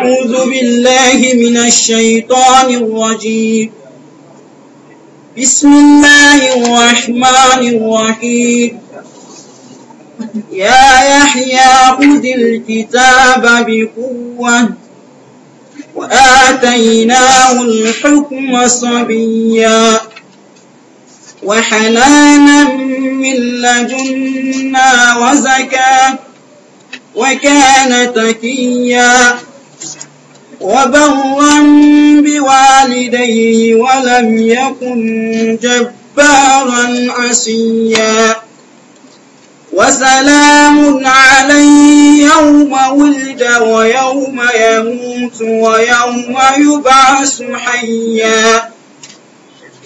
أعوذ بالله من الشيطان الرجيم بسم الله الرحمن الرحيم يا يحيى خذ الكتاب بقوة وآتيناه الحكم صبيا وحنانا من لدنا وزكاة وكان تكيا وبرا بوالديه ولم يكن جبارا عسيا وسلام عليه يوم ولد ويوم يموت ويوم يبعث حيا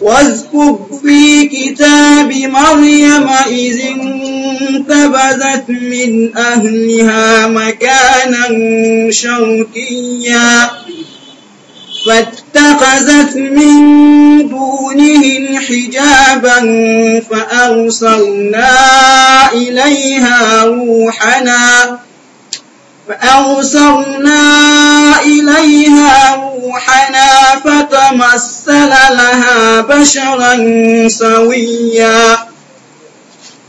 واذكر في كتاب مريم إذ انتبذت من أهلها مكانا شرقيا فاتخذت من دونهم حجابا فأرسلنا إليها روحنا فأرسلنا إليها روحنا فتمثل لها بشرا سويا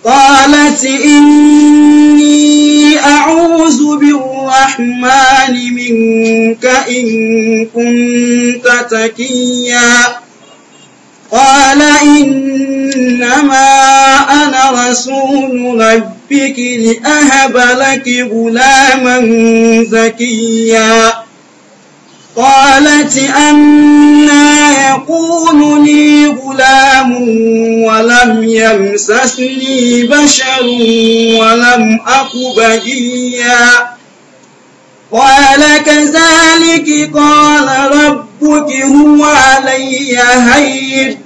قالت إني أعوذ بالرحمن منك إن كنت تكيا قال إنما أنا رسول ربي ربك لأهب لك غلاما زكيا قالت أنا يقول لي غلام ولم يمسسني بشر ولم أك بغيا قال كذلك قال ربك هو علي هين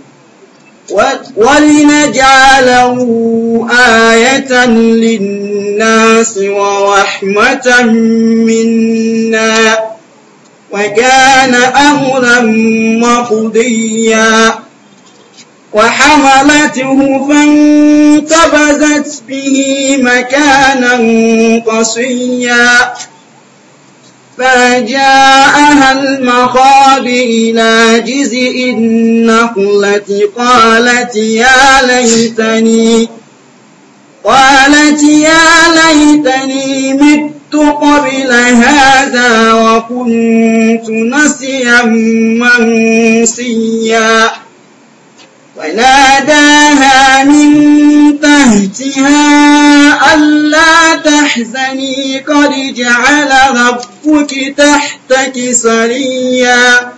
ولنجعله آية للناس ورحمة منا وكان أمرا مقضيا وحملته فانتبذت به مكانا قصيا فجاءها المخاض إلى جزء النخلة قالت يا ليتني قالت يا ليتني مت قبل هذا وكنت نسيا منسيا وناداها من تهتها ألا تحزني قد جعل ربك ربك تحتك سريا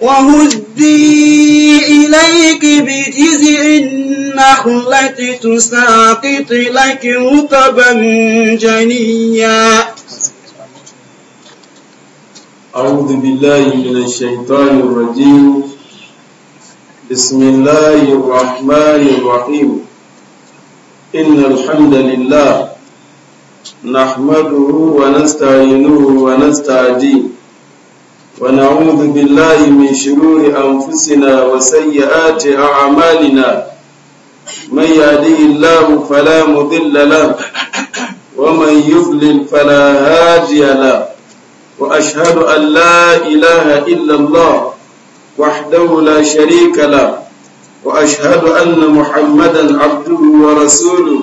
وهدي إليك بجزء النخلة تساقط لك رطبا جنيا أعوذ بالله من الشيطان الرجيم بسم الله الرحمن الرحيم إن الحمد لله نحمده ونستعينه ونستعديه ونعوذ بالله من شرور أنفسنا وسيئات أعمالنا من يهديه الله فلا مضل له ومن يضلل فلا هادي له وأشهد أن لا إله إلا الله وحده لا شريك له وأشهد أن محمدا عبده ورسوله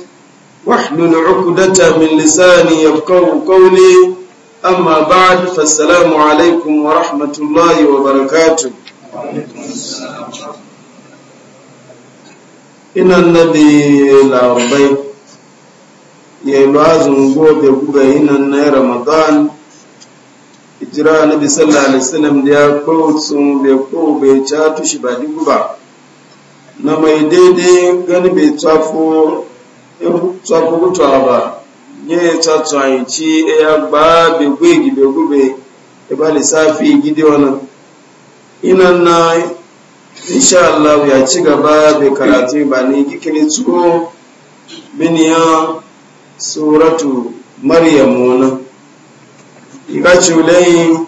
واحلل عقدة من لساني يفقه قولي أما بعد فالسلام عليكم ورحمة الله وبركاته إن النبي الأربعين يلوازم قوة يقوى إن النبي رمضان إجراء النبي صلى الله عليه وسلم kowacin bai سن bai ca شبادي ba نما ba na mai tswa kukutwa ba nye tsatswa ci ya ba be gwegi be gube e ba safi gidi wana. Ina na insha Allah ya ci gaba da karatu ba ne gikini tsuko miniya suratu maryam wani iga culayi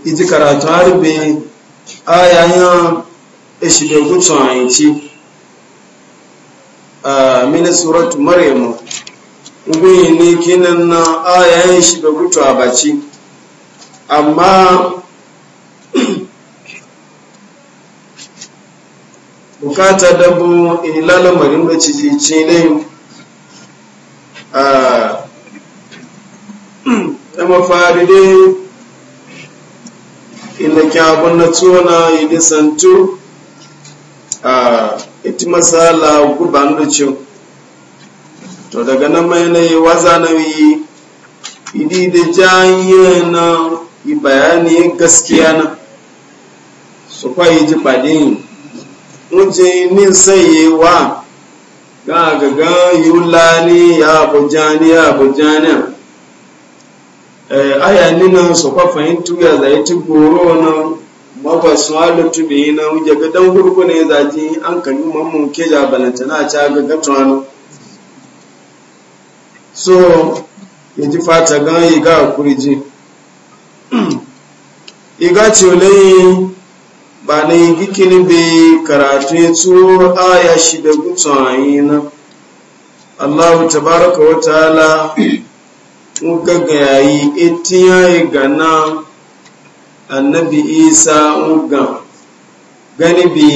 iji karatu harbe ayayen ishi da gutsu a yanci a mini suratu maryamu gwiyi ne kinan na ayayen shi da gutsu a baci amma bukata dabu ilala marin da cicici ne a mafari dai inda kyabun na tona yi santu a iti masala da ce to daga nan mai na yi waza na yi idi da jayi na yi bayani gaskiya na su kwaye ji fadin wuje ni sai wa ga gaga yulani ya bujani ya bujani eh, aya nina su kwa fahimtu ya zai ti goro na mafa suwalu tubi na wuge ga dan hurku ne zaji an kanu mamman ke ja balantana ta ga gatuwanu so ya ji fata gan iga a kuriji iga ce olayi ba na yi gikini bai karatu ya tuwo 'ya shi da yi na allahu tabaraka wa ta'ala gaga yayi etiyayi ga nan annabi isa ugan gani bi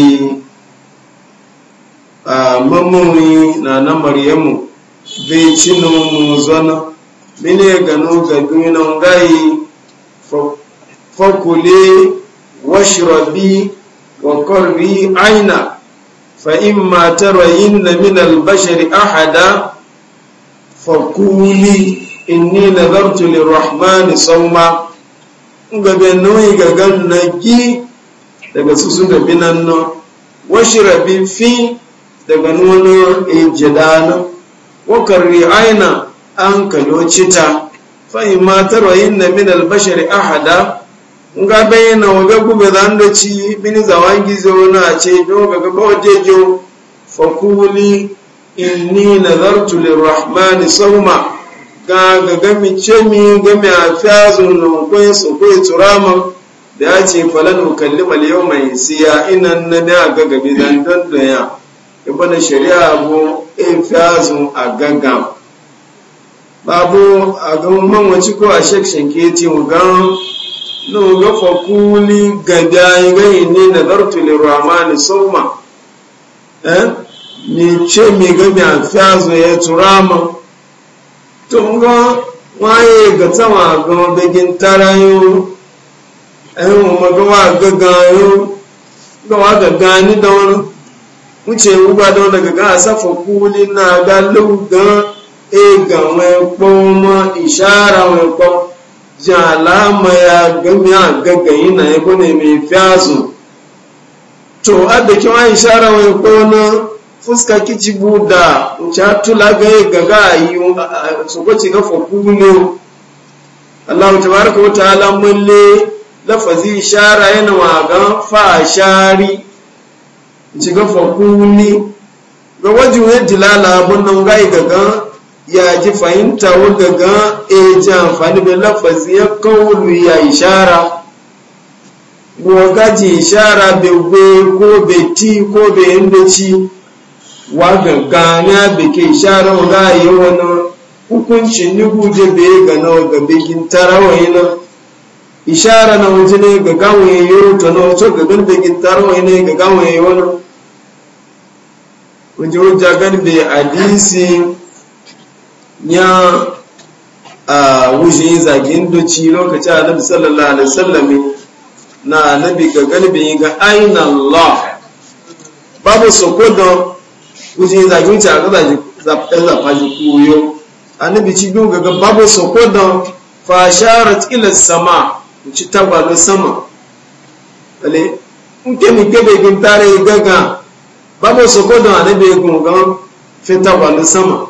a mamuni na na maryamu bai ci nomu zana mine gano ga duniyan gayi fakule washrabi wa qarri aina fa imma tarayinna min al-bashari ahada fakuli inni nadartu lirrahmani sawma gabe nauyi ga nagi daga su sun gabi nan nan washi fi daga nuna ejidana wakarri aina an kalo cita fahimatar wa yin na min albashari ahada nga bayyana waga gube da ci bin zawan gizo na ce don ga gaba wajejo fakuli inni nazartu lirrahmani sauma ga ga gami ce mi gami a fiyazun lankwai su kai turama da ya ce falon hukalli maliyo mai siya inan na a gagabi don zan ibi ibana shari'a abu a fiyazun a gagam babu a gan wace ko a shekshin ke ce gan na ga fakuli ga dai ne na dartu lirrahmani sawma eh ni ce mi gami a fiyazun ya turama to nga waye ga sama ga begin tarayo ayo eh, ma ga wa ga ga yo ga wa ga ga ni da wani wuce ruba da daga ga asafa kuli na ga lugan e ga wani kpoma ishara wani kpoma ji alama ya ga gami a yi na ya kone mai fiyazu to adda kiwa ishara wani kpoma fuska kici buda cha tula gai gaga ayu so ko ci ga foku ne Allah tabaraka wa ta'ala mulle lafazi ishara yana waga fa shari ci ga foku ga wajin ya jilala gai gaga ya ji fahimta wa gaga e ji amfani da lafazi ya kawo ya ishara wọ́n bai ìṣára ko kó bètí kó ci. wa gaggana bike sharar yi wani hukuncin ni guje bai ga nawa ga bikin tarawai na ishara na waje ne ga ya yi ta na wato ga gan bikin tarawai ne ga yi wani waje wajen gan bai Adisi, ya a wuce zagin doci lokacin annabi sallallahu alaihi wasallam na annabi ga galibin ga aina Allah babu sokodon wuce zagi wuce a gaza zafi zafa shi koyo annabi ci biyu gaga babu soko da fasharat ila sama ci tabbalin sama ale in ke mi kebe bin tare gaga babu soko da annabi ya kuma gan fin tabbalin sama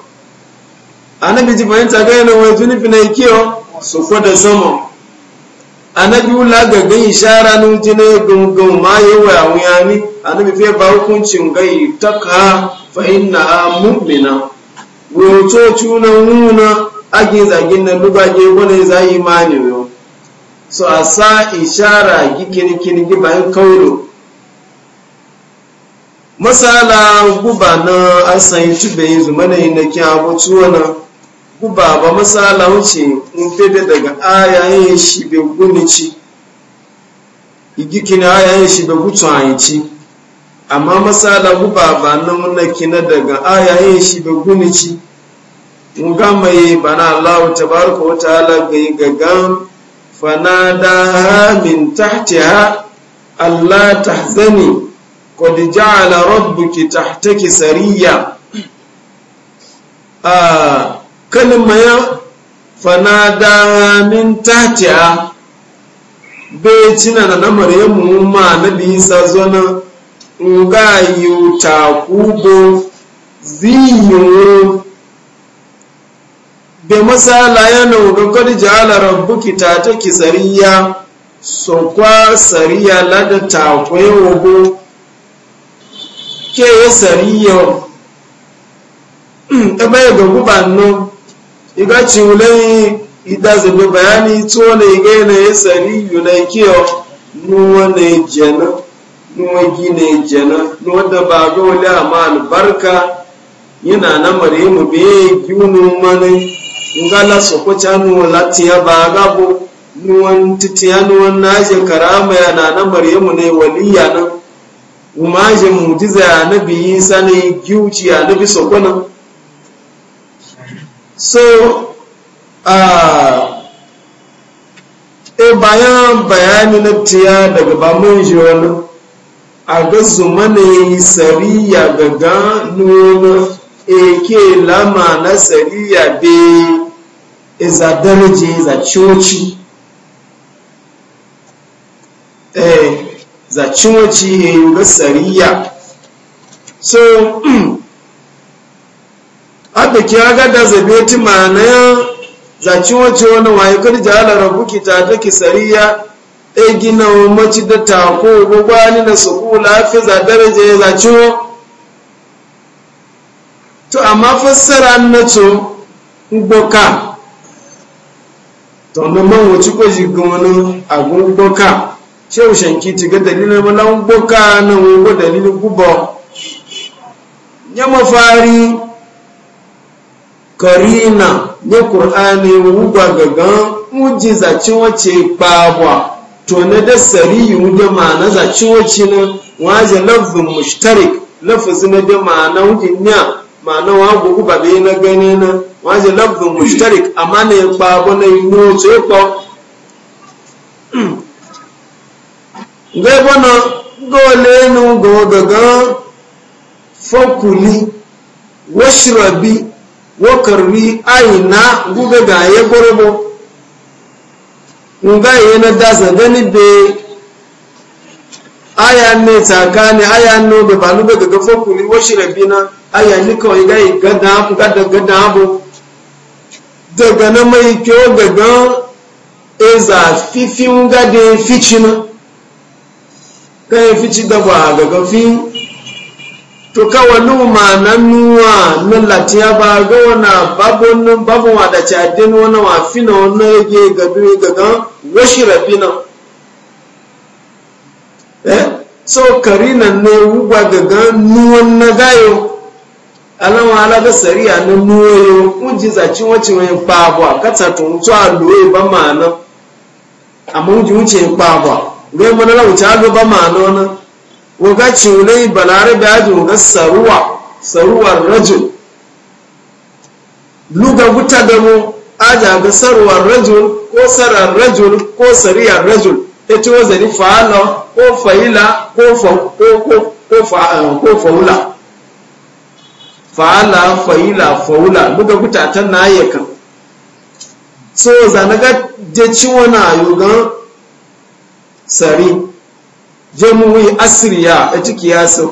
annabi ji fahimta ga yana wani tuni fina ikiyo soko da sama annabi wula gagan ishara na wuce na gungun ma yi wa yawon yami annabi fiye ba hukuncin gai ta ka فإنها مؤمنة ويوتوتون ونا أجي زاجين لغا جي ونا زاي مانيو so a sa ishara gikirikiri bayan kauro masala guba na asan tube yanzu mana yi na kyan abuci wani guba ba masala wuce in fede daga ayayen shi bai gunici igikini ayayen shi bai gutu a yanci amma masala guba ba na muna kina daga ayayen shi da gunici mun gama yi bana Allah tabaraka wa ta'ala bai gagan fanada min tahtiha Allah tahzani qad ja'ala rabbuki tahtaki sariya a ah, kalma ya fanada min tahtiha bai cina na maryamu ma nabi isa zona nga yuta kubo ziyun be masala yana kodi kwarji ala rabbuki ta ta kisariya so kwa sariya lada ta kwayo ke ya sariya hmm, ebe ya ga gubannu iga ciwulai idazi bayani tuwa na iga yana ya sariyu na kiyo nuwa na nuwa gine jana nuwa da ba ga wani amma albarka yana na maremu be ginu mani ngala sokocha nuwa latiya ba gabo nuwan titiya na naje karama yana na maremu ne waliya nan umaje mujiza ya nabi isa ne giuci ya nabi sokona so ah e bayan bayani na tiya daga ba mun ji wani aga zuma ne sariya gaga nuna eke lama na sariya be iza daraje za coci eh za coci ya yi ga sariya so abu ki aga da zabe ti ma'ana za coci wani wayo kan jihar rabu ki ta ki sariya egina umarci da tako gwagwani da su kula fi za daraja ya zaci to amma fassara na to gboka to na man wuci kwaji gamanin agun gboka shehu shanki ti ga dalilin malan gboka na wugo dalilin guba ya mafari karina ne ƙur'ani wugwa gagan mujiza cin wace kpabwa to na da sariyu da ma'ana za ciwoci na waje lafzin mushtarik lafazi na da ma'ana wujin ya ma'ana wa gugu ba yi na gani na waje lafzin mushtarik amma na ya kpabo na yi noto yi kwa gai bana gole nu go daga fakuli washirabi wakarri aina gube ga ya gwarabo nga yana dasa gani be aya ne tsakani aya no be ba nuga daga fokuli washi rabina aya ni kawai ga gada ku gada gada abu daga na mai kyau gaga eza fifin gade ficina kai e fici da ba gaga fin to kawa luma na nuwa na latiya ba ga wana babu nan babu wa da cadin wani wa fina wani yage gabi gagan washi rafina eh so karina ne wuba gagan nuwan na gayo alawa alaga sariya na nuwayo kunji zaci wace wani kpagwa kata tun to a loye ba ma'ana amma kunji wuce kpagwa ga yi mana lauta ba ma wani waga ciwulai balarabe ya waga saruwa saruwar rajul luga guta gamo a ga saruwar rajul ko sarar rajul ko sariyar rajul ta ci wazari fa'ala ko fa'ila ko fa'ula fa'ala fa'ila fa'ula luga guta ta na yakan so zanaga je ciwo na yugan sari jamuwi asiriya a ciki yaso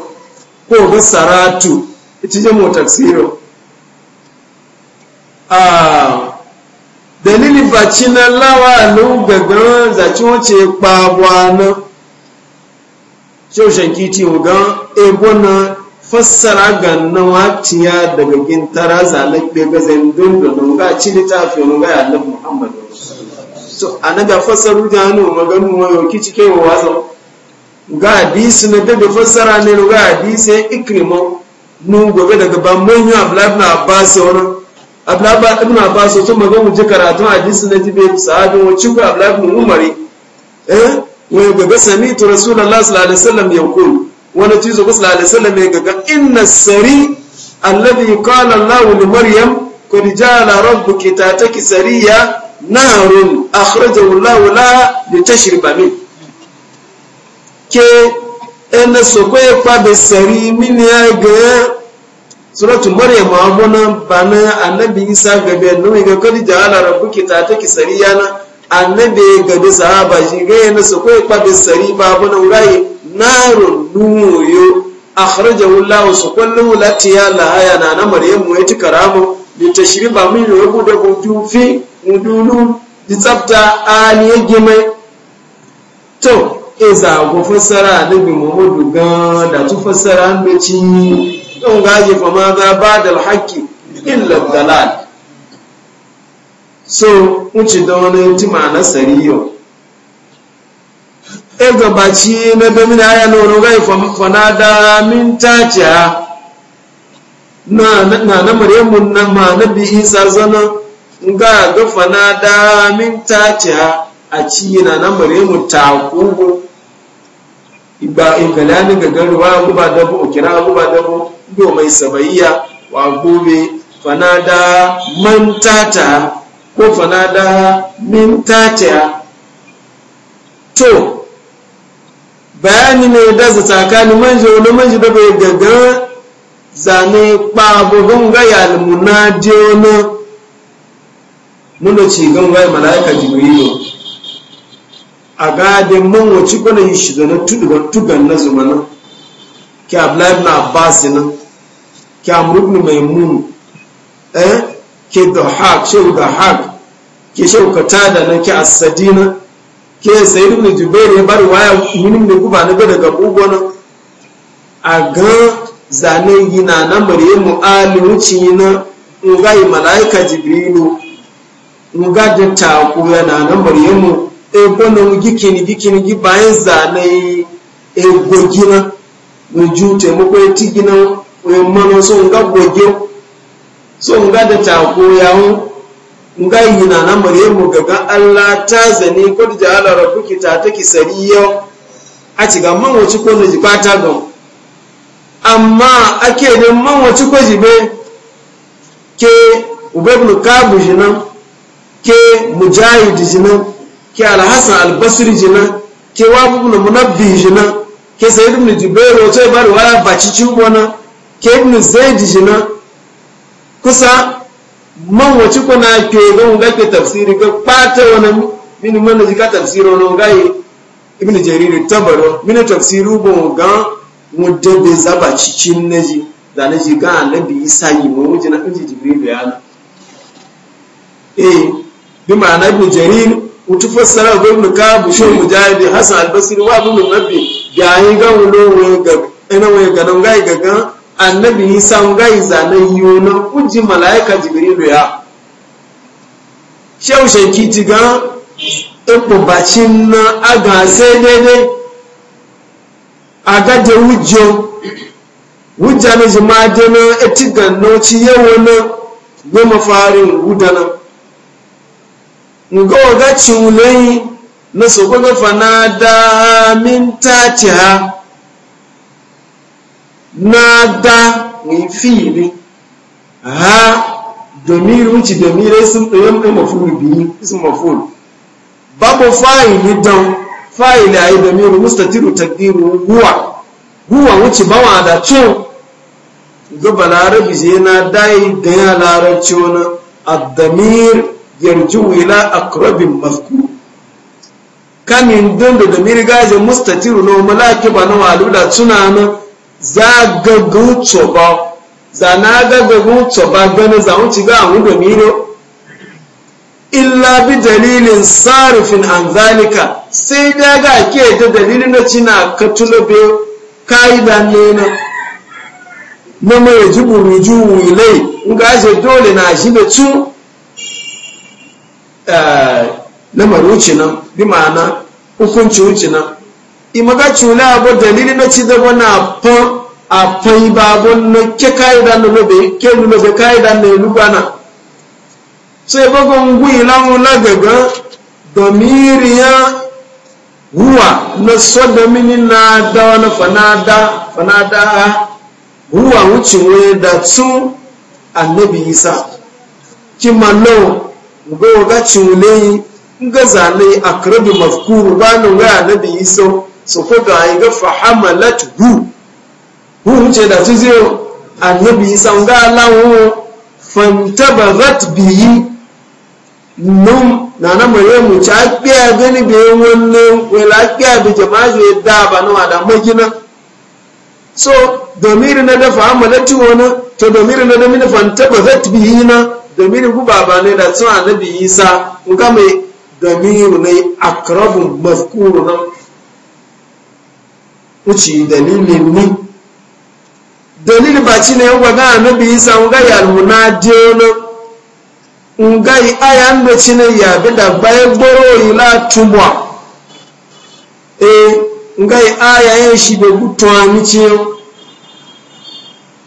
ko ba saratu ita jamu taksiro a ah, dalilin baci na lawa lu gaggan zaci wace kpagwa na shoshen kiti e gan ebo na fassara ga nawatiya daga gintara zalakbe ga zandun da nunga ci littafi nunga ya annabi muhammad so anaga fassaru da hannu maganu mayo kici kai wa wazo ga hadisi na bebe fassara ne ga hadisi ya ikrima nun gobe daga ban manyan abdullahi ibn abbas wani abdullahi na abbas tun maga mu ji karatun hadisi na jibe sahabi wa ci ga abdullahi ibn umari eh wai gobe sami to rasulullahi sallallahu alaihi wasallam ya kulu wani ci zo sallallahu alaihi wasallam ya gaga inna sari alladhi qala allah li maryam qad ja'ala rabbuki tataki sariya narun akhrajahu allah la litashriba min ke ene sokwe kwabe sari mini ya ga suratu maryam abona bana annabi isa gabe no ga kadi jala rabbuki ta ki sari yana annabi gabe sahaba shi ga ene sokwe kwabe sari babuna urai narun nuyo akhrajahu allah lati ya la haya na na maryam ya tikaramu litashriba min rubu da kufi mudulu di tsabta ani gime to iza fasara fassara nabi muhammadu gan da tu fassara an da cinyi don gaji fa ma za ba da alhaki illa dalal so wuce da wani na sariyo e wani na ma na bi isa zana ga ga a ci na na maryamun ta kungu ba in kalani ga garwa guba dabo kira guba dabo do mai sabayya wa gobe fanada mantata ko fanada mintata to bayani ne da za tsakanin manje wani manje da bai gaga zane kpabuhun gaya almunadiyo na nuna ci gan gaya mala'ika jibrilu a gadin manwaci wace kwana yi shi zana tugan na zumanin ki abdullahi na abbas nan ki amr ibn maimun eh ki dahak shehu dahak ki shehu da nan ki asadina ki sayyid ibn jubair ya bari waya munin da guba na daga ugona a ga zane yi na maryamu yi na ngayi malaika jibrilu nga da ta ku yana na mu. ebo na mu gị gikini za na ego gina mu ju taimako ya ti gina wani mana so nga goge so nga da tako ya hu nga yi na na maryamu gaga allah ta zane ko da jahala bukita ta take sariyo a ci ga man wace ko na jibata ga amma ake ne man wace ko jibe ke ubebnu kabu jinan ke mujahid jinan ke alhassan albasiri jina ke wabu ibn munabbi jina ke sayyid ibn jubair wato ba riwaya baci cibona ke ibn zaid jina kusa man wace kuna ke don ga ke tafsiri ga pata wani mini man ji ka tafsiri wani ga ibn jarir tabaro min tafsiru bon ga mudabbe zaba cikin naji da naji ga annabi isa yi mu wujina inji jibril yana eh bi ma'ana ibn jarir mutu fassara ga ibn kabu shi hmm. hasan albasiri wa abin rabbi ga yi ga wulo ga ina wai ga nan gai ga annabi isa ngai zanen na uji malaika jibrilu ya shehu shankiti ga bacin na aga sai daidai aga da de wujo na jima dana etigan noci yawo na goma farin gudanar nga oga ciwulai na sokwaga fanada min tatiha nada da mai fili ha domiri wuce domiri sun ɗayan ɗaya mafulu biyu sun babo fai fa'ili don fa'ili a yi domiri mustatiru takdiru huwa huwa wuce bawa da cin gaba larabi je na dai gaya larabci ad الضمير yarju ila akrabin mazku kamin dondo da mirgaje mustatiru no malaki ba na walula tunana za gagu tsoba za na ba tsoba gani za ga mu da miro illa bi dalilin sarifin an zalika sai da ga ke da dalilin da cina ka tulube kaida ne na na mai ruju wilai in ga dole na shi da tun Eh, lamar wuce nan bi ma'ana hukunci wuce nan imaga cula abu dalili na ci dabo na fan a fai babu na ke kayi da nulobe ke nulobe kayi da na lugana sai bagon gwi lamun lagaga domiriya huwa na soda mini na da wani fanada fanada huwa wucewa da tun annabi isa kimanin ga waga cimulayi ga zane a karabi ba nan ga nabi isa so ko ga ai ga fahamalat hu hu ce da su zai annabi isa ga lawo fantabazat biyi num na na mare mu ci akpiya gani be wannan wala akpiya bi jama'a zai da ba no wada magina so domiri na da fahamalat na to domiri na da min fantabazat biyi na domin ku baba ne da tun annabi isa nga mai damiru ne karabin mafkuru na wuce dalilin ni dalili ba ci ne yau ga annabi isa nga ya almuna deno nga yi aya ndo ci ne ya bi da bayan gboro yi la tumwa e eh, nga yi aya yin shi da gutuwa ni ciyo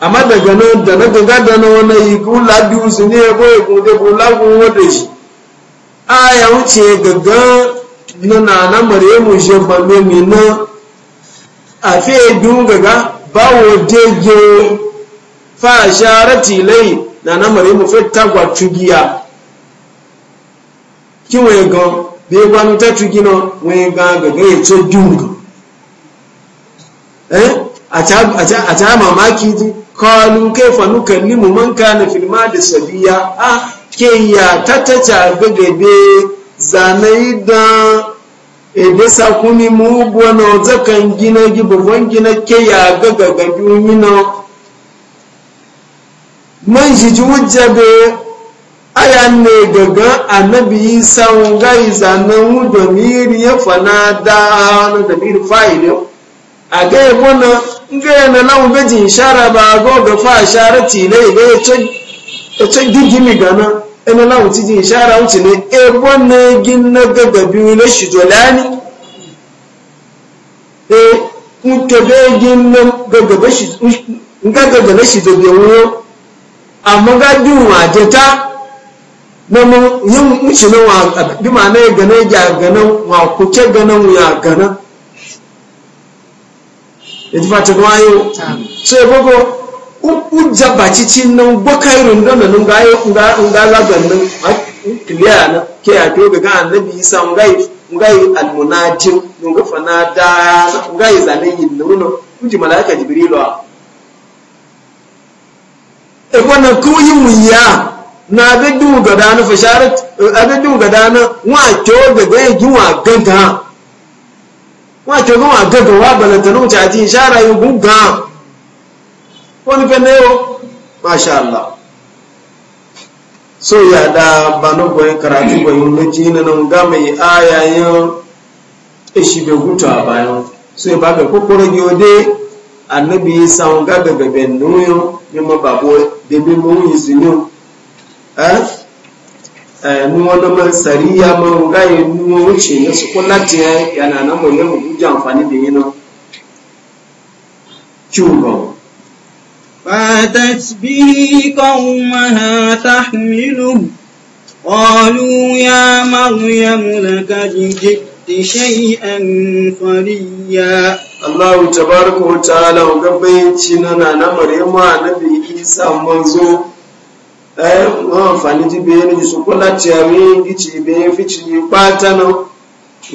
amma daga nan da na gaga da na wani igu labiyu su ne ko igu da ko lagun wanda shi a ya wuce gaga na na na emu je ba me na a fi dun gaga bawo deje fa sharati lai na na maryamu fe tagwa tugiya ki we gan bi gwa nu ta tugi no we gan gaga e to dun eh a ta a ta mamaki ji qalu kayfa nukallimu man kana fil madi sabiya a ke ya tatacha bebebe zanai da ebe sakuni mu na zakan gina gibirwan gina ke ya gaga yino man shi ji aya ne gaga annabi isa ngai zanen mu domiri ya fana da na domiri fa'ilin a ga yi wannan ngaya na lamu bejin shara ba go ga fa shara ti ne ga ya ce gigimi gana ina lamu ti jin shara wuce ne e bonne gin na gaga na shi jolani e mutu be gin na gaga ba shi gaga ga na shi da biyu amma ga biyu ma jeta na yin wuce na wa bi ma na ga na ga na wa ga na ga na yaji ba ta gwayo so ya gogo ujja ba cici nan gwakai rundun da nunga ya unga zagon nan kiliya na ke a to ga annabi isa ngai ngai almunajin nunga fana da ngai zanen yin nuno uji malaika jibrilu e wannan kuyi munya na ga mu da na fasharat a ga duga da na wa to ga yi wa ganta wọ́n tẹ́ gọ́wọ́n àgẹ́gọ̀ wà bẹ̀lẹ̀tẹ̀lú àti ìṣára igun gan wọ́n ní pẹ́lẹ́ o mashallah so ya da banogoyi karatu lójí nínú gámi ayayin ìṣìbẹ̀gútọ̀ e àbáyán so ya bàbẹ̀ kókóró annabi sàwọn gábẹ̀gẹ̀bẹ̀ bàbọ̀ Eh, ni wọn lọ máa ń sàrí yá mọ ohun káyé ní wọn ó ṣe ní sọkọ láti ẹ yànnà àmọ ilé òkú jẹ àǹfààní lèyìn náà kí o rọ. فاتت به قومها تحمله قالوا يا مريم لقد جئت شيئا فريا الله تبارك وتعالى وقبيتنا نعم مريم eh wọn fani ti bẹyẹ lójú sọkọ láti àmì ìdíje ìbẹyẹ fìtì ní pátá náà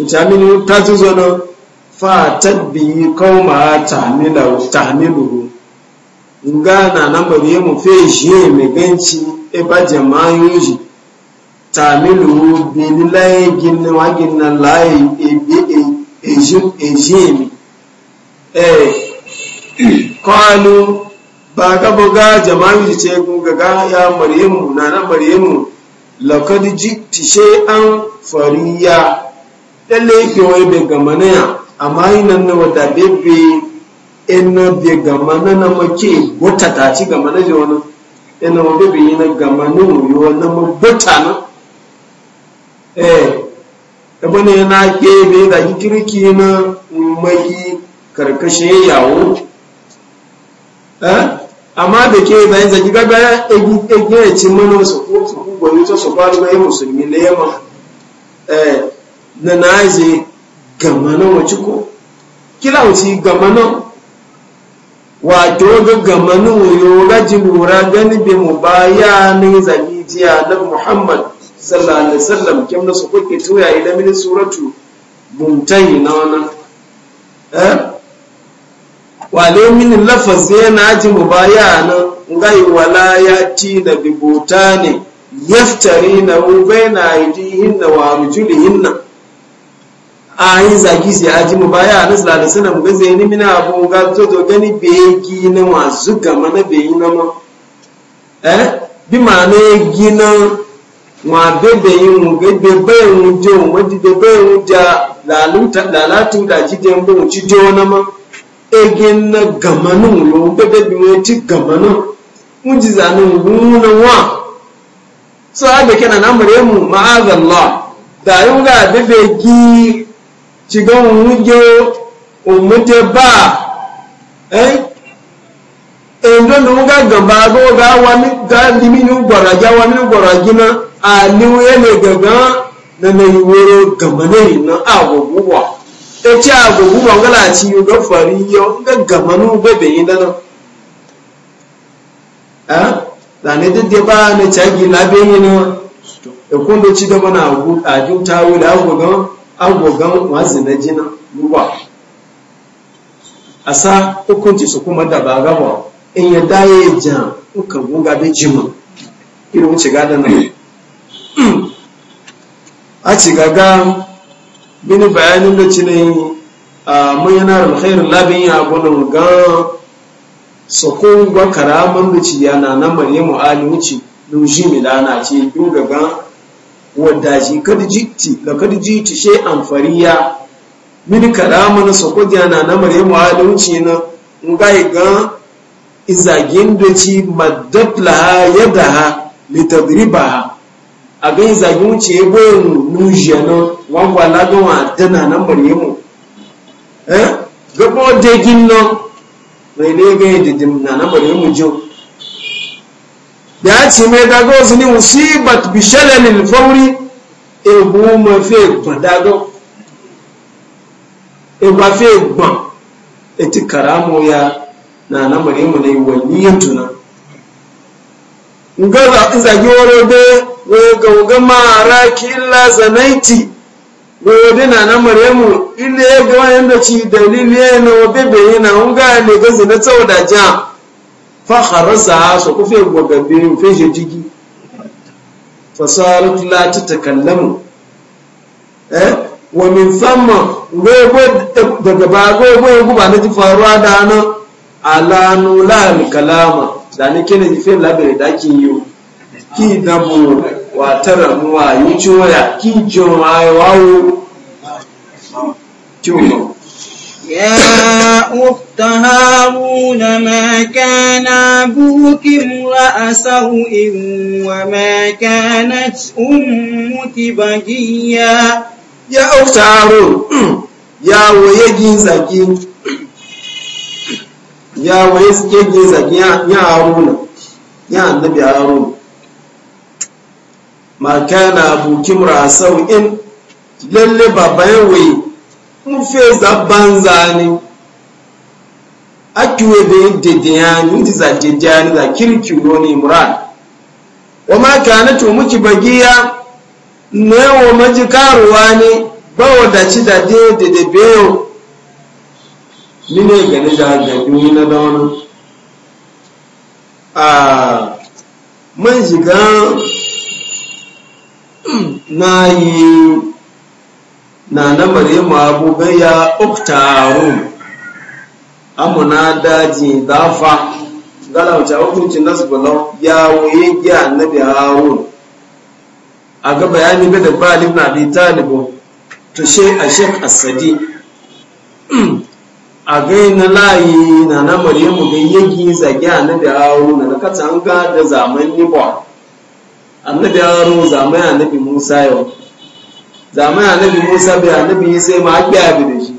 ìtàmì ta tátúzọ náà fàtàbí kọ́ọ̀mà tàmílò ngana na bari mu fe je me ganci e ba jama'a yuji tamilu bi laye ginna wa ginna laye e bi e je e je mi qalu ba ka buga jama'i ce ga ga ya maryamu na maryamu laqad jitti shay'an fariya dalle ke wai be gamana ya amma inan na wata bebe ina be gamana na make wata ta ci gamana je wani ina wa bebe yana gamana yo mu mabota na eh abana yana gebe da kirki na mai karkashe yawo eh amma da ke bayan zagi gaba ya egiyar ci mana su gwani ta su da bayan musulmi na yamma eh, na gama na wace ko kila wuce na wato ga na wuyo gaji lura gani bai mu baya yi zagi jiya na muhammad sallallahu alaihi wasallam kim na su kuke tuya idan mini suratu bunta'i na wannan eh? wale mini lafas yana ji mu baya nan gai wala ya ti na bibuta ne yaftari na ubai na aidihin na wa rujulihin nan a yi zaki sai aji mu baya nan da suna mu gaza ni mina abu ga to to gani beki na wa zuga mana beyi na ma eh bi ma na gina wa bebe yin mu bebe bai mu jo mu bebe bayan mu ja lalatu da jide mu ci jo na ma egin na gamanin lo gbede bi wọn ti gamanu wọn ji zanen na wọn so abe kena na mure mu ma'azallah da yi ga bebe gi shiga wuje umute ba eh ndo no ga gamba go ga wa mi ga limi ni gbara ja wa mi gbara gina a ni we le gaga na na gamanu gamanin na awo wuwa eti agogo wangala ci yuga fari yo ga gamanu bebe yidana ha da ne de ba ne chagi e kundo agu aju da wazi na jina ruwa asa hukunci su kuma da ba gaba in ya daye jan uka guga be jima irin wuce gada a ga ga. bini bayanin da ci ne a da alkhairun labin ya gudun ga sakon gwa karaman da ci yana na maryamu ali wuce lushi dana ce biyu ga gan wadda ji kadijiti da kadijiti she amfariya mini karaman sakon yana na maryamu ali wuce na yi ga izagin da ci maddat ya da ha litadribaha abin zagin wuce ya goyi mu nujiya no wangwa ladon wa dana nan bari mu eh gabo de ginno mai ne ga didim na nan bari mu jo da ci mai dago su ni musibat bi shalalil fawri e bu ma fe padago e ba fe gbon e ti karamo ya na nan bari mu ne wani yantuna ngala zagi woro de gauga mara ki illa zanaiti gode na na maryamu ile ya ga wayan da ci dalili ya na wabe bai yi na un ga ne ga zina tsawo da ja fa kharasa so ku fe goga be fe je jigi fa sarat la tatakallamu eh wa min thamma gogo daga ba gogo gogo ba na ji faruwa da na alanu la kalama da ne kene ji fe labe da ki yi ki dabo watara muwa cewa ya kijo mayo wawo kiwo يا أخت هارون ما كان أبوك امرأ سوء وما كانت أمك بغيا يا أخت هارون يا ويجين زكين يا ويجين زكين يا هارون يا النبي هارون makana abokin rasau in lalle babayan wai mun zaban zane. ne akiwe da yadda da ya nunti za jejja ne za kirki roni murad wa kana to muki bagiya ne wa maji karuwa ne ba wadaci da da da beyo ni ne gani da gani na da wani a ah, man shiga na yi na na maryamu abubuwan ya uktarun amuna daji dafa galauta hukuncin nasu bulau ya wuyi giya annabi harun a ga bayani ga da balib na bi talibu to she a shek asadi a gai na layi na na maryamu ga yagi na annabi harun na kata an ga da zamani ba annabi ya ro zamai annabi musa yau zamai annabi musa bai annabi sai ma haƙi abi da shi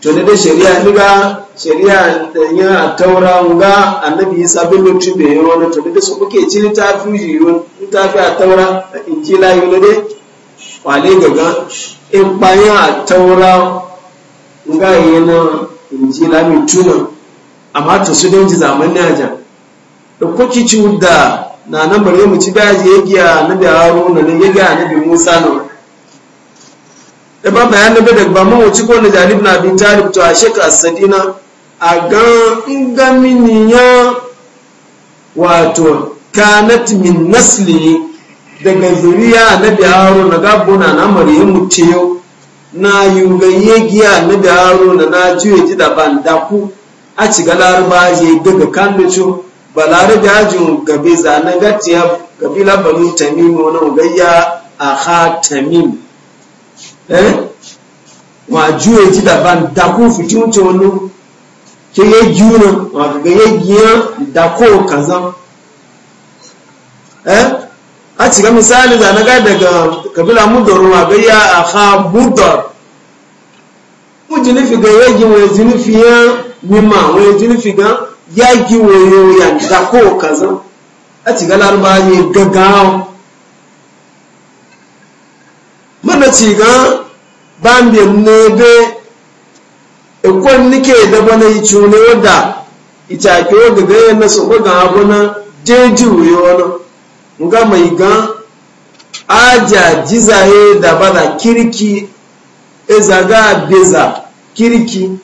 to ne da shari'a ni ga shari'a yi a taura ga annabi isa bin lutu bai yi wani to ne da su kuke ci littafi ta fi a taura a inkila yi ne dai kwale gaga in bayan a taura ga yi na inkila mai tuna amma ta su don ji zamani ajan da kuke ci da na nan bari mu ci daji ya giya na da haruna nan ya giya na bi musa nan ba bayan na daga ba mu ci ko na jalib na bin talib to a shek asadina a ga ingaminiya wato kanat min nasli daga zuriya na da haruna gabuna na ci tiyo na ya giya na da haruna na juye ji da ban daku a ci ga larba ya daga kan da balarabe hajjin gabe zanen gatiya kabila banu tamim wani ugayya a ha tamim eh wa juye ji daban dako fitin ta wani ke yi junan wa ga yi giya dako kazan eh a cika misali zanen ga daga kabila mudar wa gayya a ha mudar mu jinifi ga yi gina wani jinifi ya mima wani jinifi ga yaki woyo ya dako kaza a ci ga larba ne gaggawa mana ci ga bambe nebe ikon nike da bana yi cune wadda ita ke wadda ga yi na soko ga abu na jeji woyo wani nga mai ga aja jizaye da bada kirki ezaga beza kirki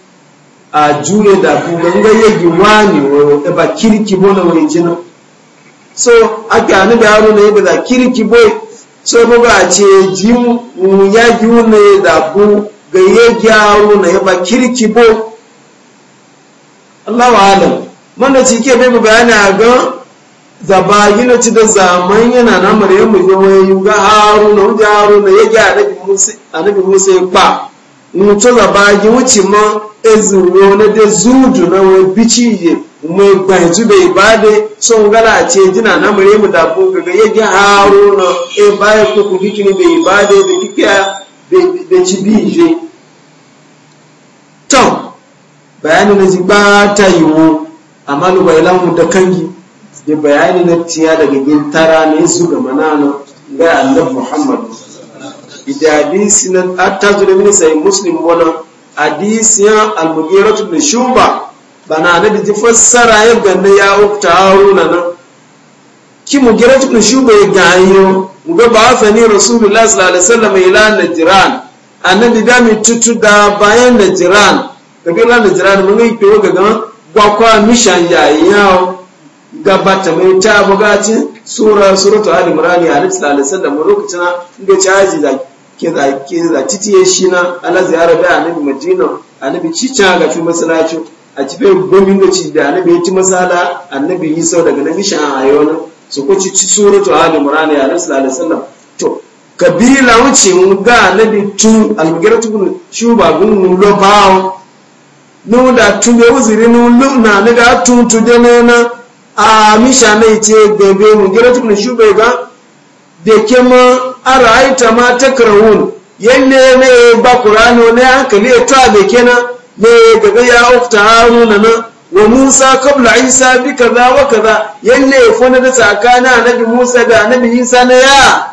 a jure da kuma nga yegi wani wa eba kirki bo na wani jina so ake anu da yaro na yebe da kirki bo so ba ba ce ji mu ya ji ne da ku ga yegi yaro na ba kirki bo Allahu alam mana ci ke bai bayani a ga zaba gina ci da zaman yana na maryamu ya wayu ga haruna wuce na ya ga anabi musa ya kpa mutu zaba gi wuce ma ezinwo na de zudu na wani bici ye mai gbanzu bai ba de sun a ce jina na mure mu da ko ga ya ga haro na e baya ko ku ne bai ba da da kika da ci bije to bayani na ziba ta wo amma lu bai lamu da kangi da bayani na tiya daga gintara ne su ga manana ga annabi muhammad idadisi sinan atazu da mini sai muslim wannan hadisiyan almugiratu da shuba bana na da ji fassara ya ganna ya ukta haruna nan ki mugiratu da shuba ya ganyo mu ga ba sani rasulullahi sallallahu alaihi wasallam ila najran annabi da mi tutu da bayan najran daga ila najran mun yi kiwo ga gan gwakwa mishan yawo. gabata mai ta bugacin sura suratu al-imran ya alaihi wasallam lokacin da ya ci haji kiza titi ya shi na ala ziyara bai annabi madina annabi cica ga fi masalacin a ci bai gomin da ci da annabi ya ci masala annabi yi sau daga nabi shan ayo su ko ci ci suratu ali murana ya nabi sallallahu alaihi wasallam to kabila wuce mun ga annabi tu almugira tu shuba gun mu lo bawo nu da tu be uziri nu lu na ne ga tu tu de ne na a misha ne ce gebe mun gira tu ba. ga da kima ma a ra'aita ma ta karawun yanne ne ya ba kurano na hankali ya ta da kina na ne gaba ya ofta haruna na wa musa kabla isa bi kaza wa kaza yadda ya fona da tsakanin nabi musa da nabi isa na ya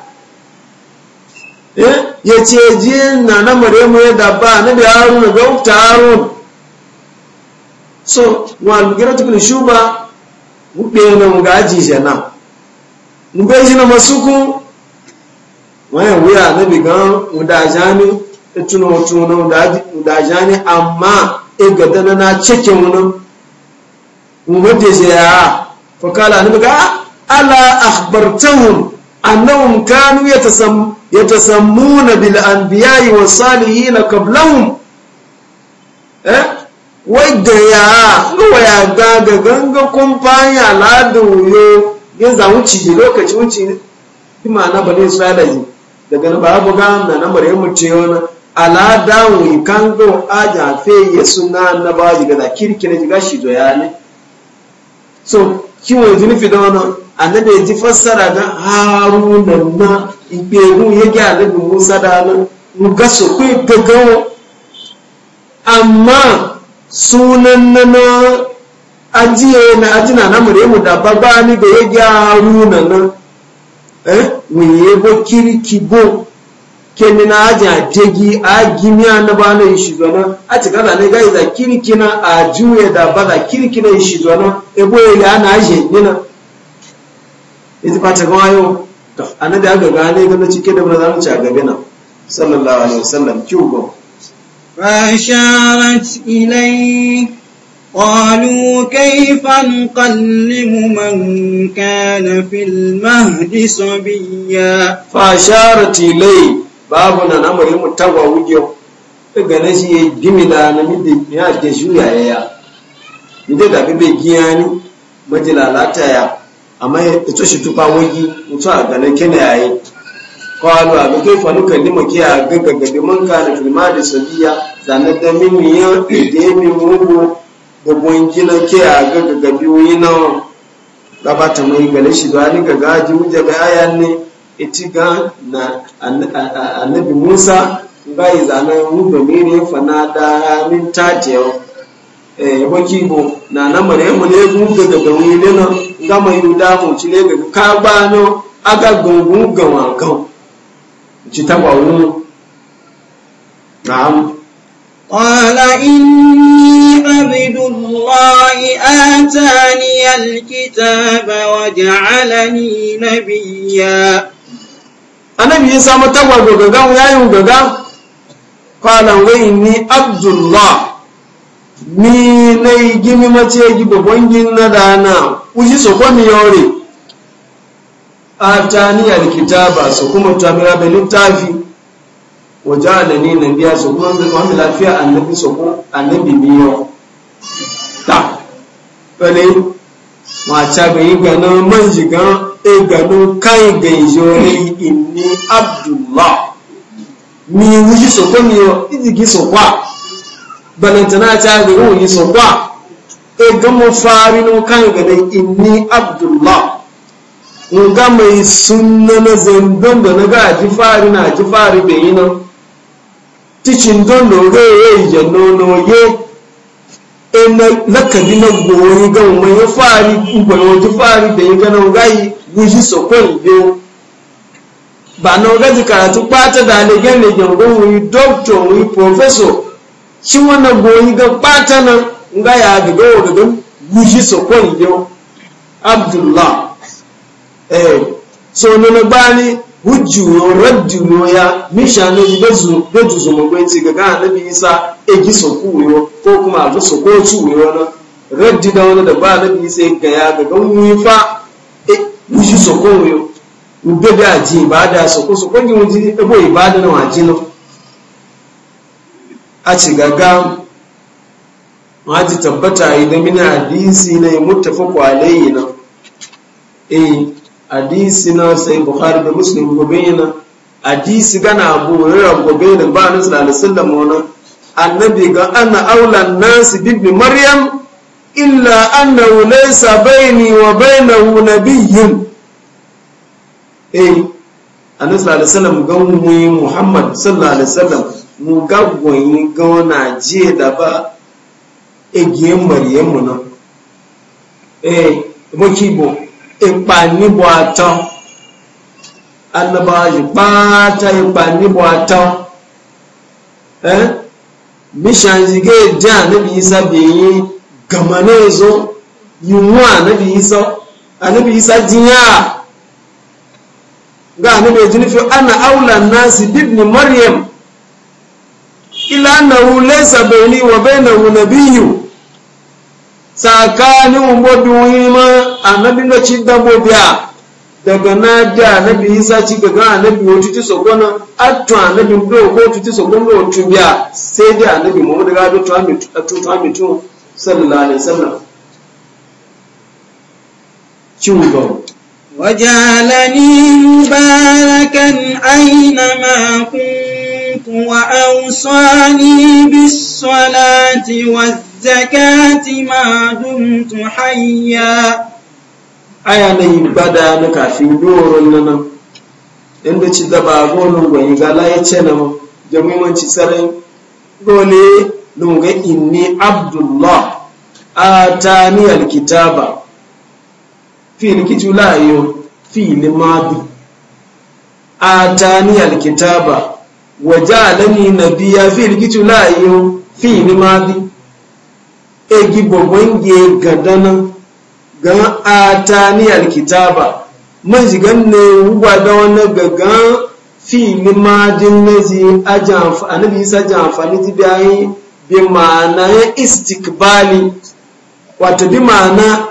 eh, ya ce ji na na maremu ya dabba annabi haruna ga ofta haruna so wa algira tukun shuba mu ɗaya na mu gaji jana nubɛji na masuku wayan wuya na bigan mudajani tuna tuna mudajani amma igada na na cikin wani mutu ce ya fakala ni biga ala akhbartahum annahum kanu yatasam yatasammuna bil anbiya'i was salihin qablahum eh wai da ya ga ya ga ga ganga kumfanya ladu yo yin za wuce lokaci wuce bi na bane isra'ila yi daga na ba buga na mara yamma ce wani ala yi kan go aja fe ya suna na ba yi kirki na jiga shi do ya ne so kiwon zunufi da wani annabi ya ji fassara ga haruna na igbegu ya gya musa da nan muga su kai gaggawa amma sunan na ajiye na ajina na muremu da baba ni da ya gyaru na nan eh mun kiri kiriki bo ni na aji ajegi agimi na ba na ishizo na a ti da ne ga iza kiriki na ajuye da ba kiri kiriki na ishizo na ebo ele ana aje ni na ita e ti ta ga wayo to ana da ga gane ga na cike da bazan ci a gabe na sallallahu alaihi wasallam kyugo فأشارت إليه قالوا كيف نقلم من كان في المهد صبيا فاشارت لي بابنا نمر متوى وجو gane ya gimi da na midi ya ke shuya ya ya midi da giya ni maji lalata ya amma ya ito shi tufa wagi mutu a gane kene ya yi kwalo a bikin kan lima ke a da filma da sabiya zanen da mimi ya ɗaya da gwankina ke a gaga gabi wuyi na labata mai gale shi ba ni gaga ji wuce bayan ne iti ga na annabi musa ba yi zanen rufe ne fana da min Ya waki bo na na mare mu ne gun gaga ga wuyi ne na ga mai yuda mu ci ne gaga ka ba no aga gungun gawa kan ci ta ba na'am قال إني عبد الله آتاني الكتاب وجعلني نبيا annabi ya samu tagwago gaga ya yi gaga kwanan wai ni abdullah ni na yi gini mace gi babban gini na dana kuji so ko mi yore a tani alkitaba so kuma tamira da littafi Wajen wajalani nabiya su kuma wani lafiya annabi su ko annabi biyo ta wani mace bai yi ganin man jigan e ganin kai ga jori inni abdullah mi wuji su ko mi idigi su kwa balantana ta ga yi wuji su kwa e gama farin kan ga dai inni abdullah mun ga mai sunna na zandon da na ga ji fari na ji fari bai yi nan ticin don lore ya yi noye ina lakabi na goyi ga mai ya fari gwani wata fari da ya ganin gayi wuji sokon biyu ba na gaji karatu ɓata da aligen da shi wannan ga ɓata na nga hujjuno radduno ya mishano da zuzumagwanci ga gana nabi isa egi sokuwo ko kuma a soko cuwo na raddi da wani da ba nabi isa e ga ya ga yi fa e wuji sokowo ube da ji ibada soko soko ji wuji e ebo ibada na no a ci gaga waji tabbata idan mina hadisi na yi mutafa kwalayi na eh hadisi na sai bukhari da muslim gobe yana hadisi gana abu hurairah gobe da ba na sallallahu alaihi wasallam wannan annabi ga ana aulan nasi bibi maryam illa annahu laysa bayni wa baynahu nabiyyun eh annabi sallallahu alaihi wasallam ga mu muhammad sallallahu alaihi wasallam mu ga goyi ga na je da ba egiyen maryamu na. eh bo kibo ipa níbo àtàn alabaaji pátá ipa níbo àtàn mishanjige jẹ́ ànábì isa biyi gàmánà èso yìnwó ànábì isa ànábì isa jìyà ga ànábì èjì nífi ana aula nasi bibni maryam ila annahu laysa bayni wa bainahu nabiyyu tsakanin waduwi ma annabi na ci dabo biya daga na da annabi isa ci gaga annabi wato ti sogona atto annabi do ko to ti sogona wato biya sai da annabi mu daga do to amin to to amin to sallallahu alaihi wasallam ciwo وجعلني مباركا أينما كنت وأوصاني بالصلاة والذكر الزكاة ما دمت hayya. aya na yi bada na kafin doron na nan inda ci da ba gonin gwani gala ya ce na da muhimmanci tsarin dole lunga inni abdullah a ta ni alkitaba fil kitula yo fil madi a ta ni alkitaba wa ja'alani nabiyya fil kitula yo fil madi egi babban ge gadana gan atani alkitaba man shigan ne wuba da wani gagan fili madin nazi anabi isa ji amfani ji bayan bi ma'ana ya istikbali wato bi ma'ana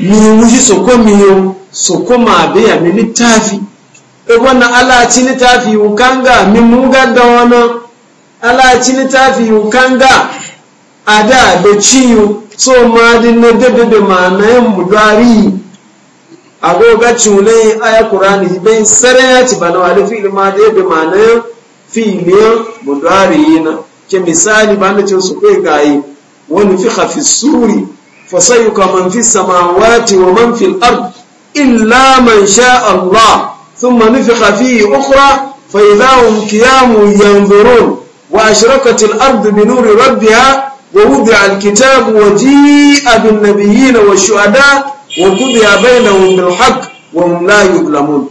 mi wuji soko miyo soko ma bi ya mi littafi e wannan alaci littafi wukanga mi muga da wani alaci littafi wukanga ada da ciwo so ma din na dabe da manayin bugari a goga aya kurani bai ya bana wani fili ma da mana fi ne mudari na ke misali ba na su kai gaye wani fi hafi suri fasayuka man fi samawati wa man fi al-ard illa man sha Allah ثم نفخ فيه أخرى فإذا هم قيام ينظرون وأشرقت الأرض بنور ربها ووضع الكتاب وجيء بالنبيين والشهداء وقضي بينهم بالحق وهم لا يظلمون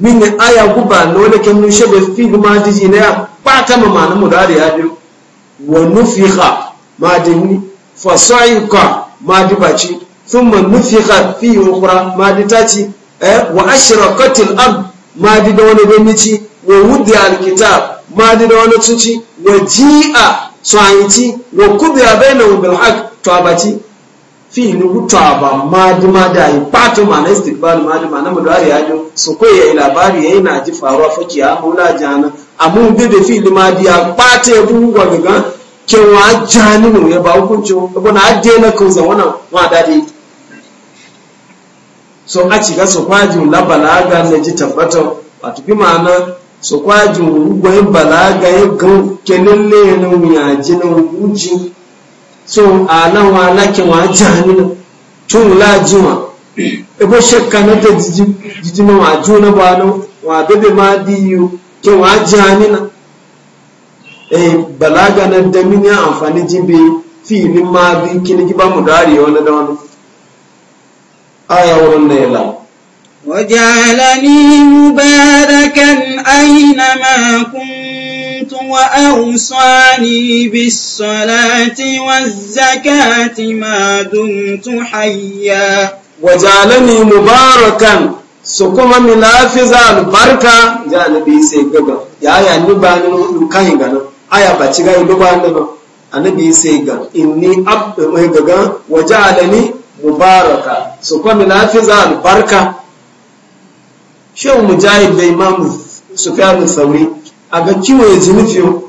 من آية قبا لولا من نشبه في ما تجينا باتا ما نمدار يا ونفخ ما دني فصعق ما دباتي ثم نفخ في أخرى ما دتاتي إيه؟ وأشرقت الأرض ما دي دون بنتي ووضع الكتاب ما دي دون تنتي وجيء so anti wa kubira bainahum bil haqq to abati fi nugu to aba madu yi pato mana istiqbal madu mana mudari ajo so ko yayi labari yayi na ji faruwa faki ya mula jana amu bi da fi madi ya pate bu gwa daga jani mu ya ba hukunci ko na aje na kun zan wannan wa dadi so a ci ga so labala ga na ji tabbatar wato bi ma'ana so kwaji gwai balaga ya gan kelele na wuyaji na wuji so a nan wa lake wa jani na tun laji wa ebo shakka na ta jiji na wa juna ba na wa bebe ma diyo ke wa jani na eh balaga na damini amfani jibe filin ma bi kini giba mu dariyo na da wani aya wurin na ya lau وجعلني مباركا أينما كنت وأوصاني بالصلاة والزكاة ما دمت حيا وجعلني مباركا sokoma minafiza albarka janabi sai gaga ya ya ni ba ni dukan gana aya ba ci ga ido ba ni ba annabi sai ga inni ab mai gaga waja'alani mubaraka sokoma minafiza albarka shehu mujahid da imamu sufyan sauri a ga kiwo ya jinifiyo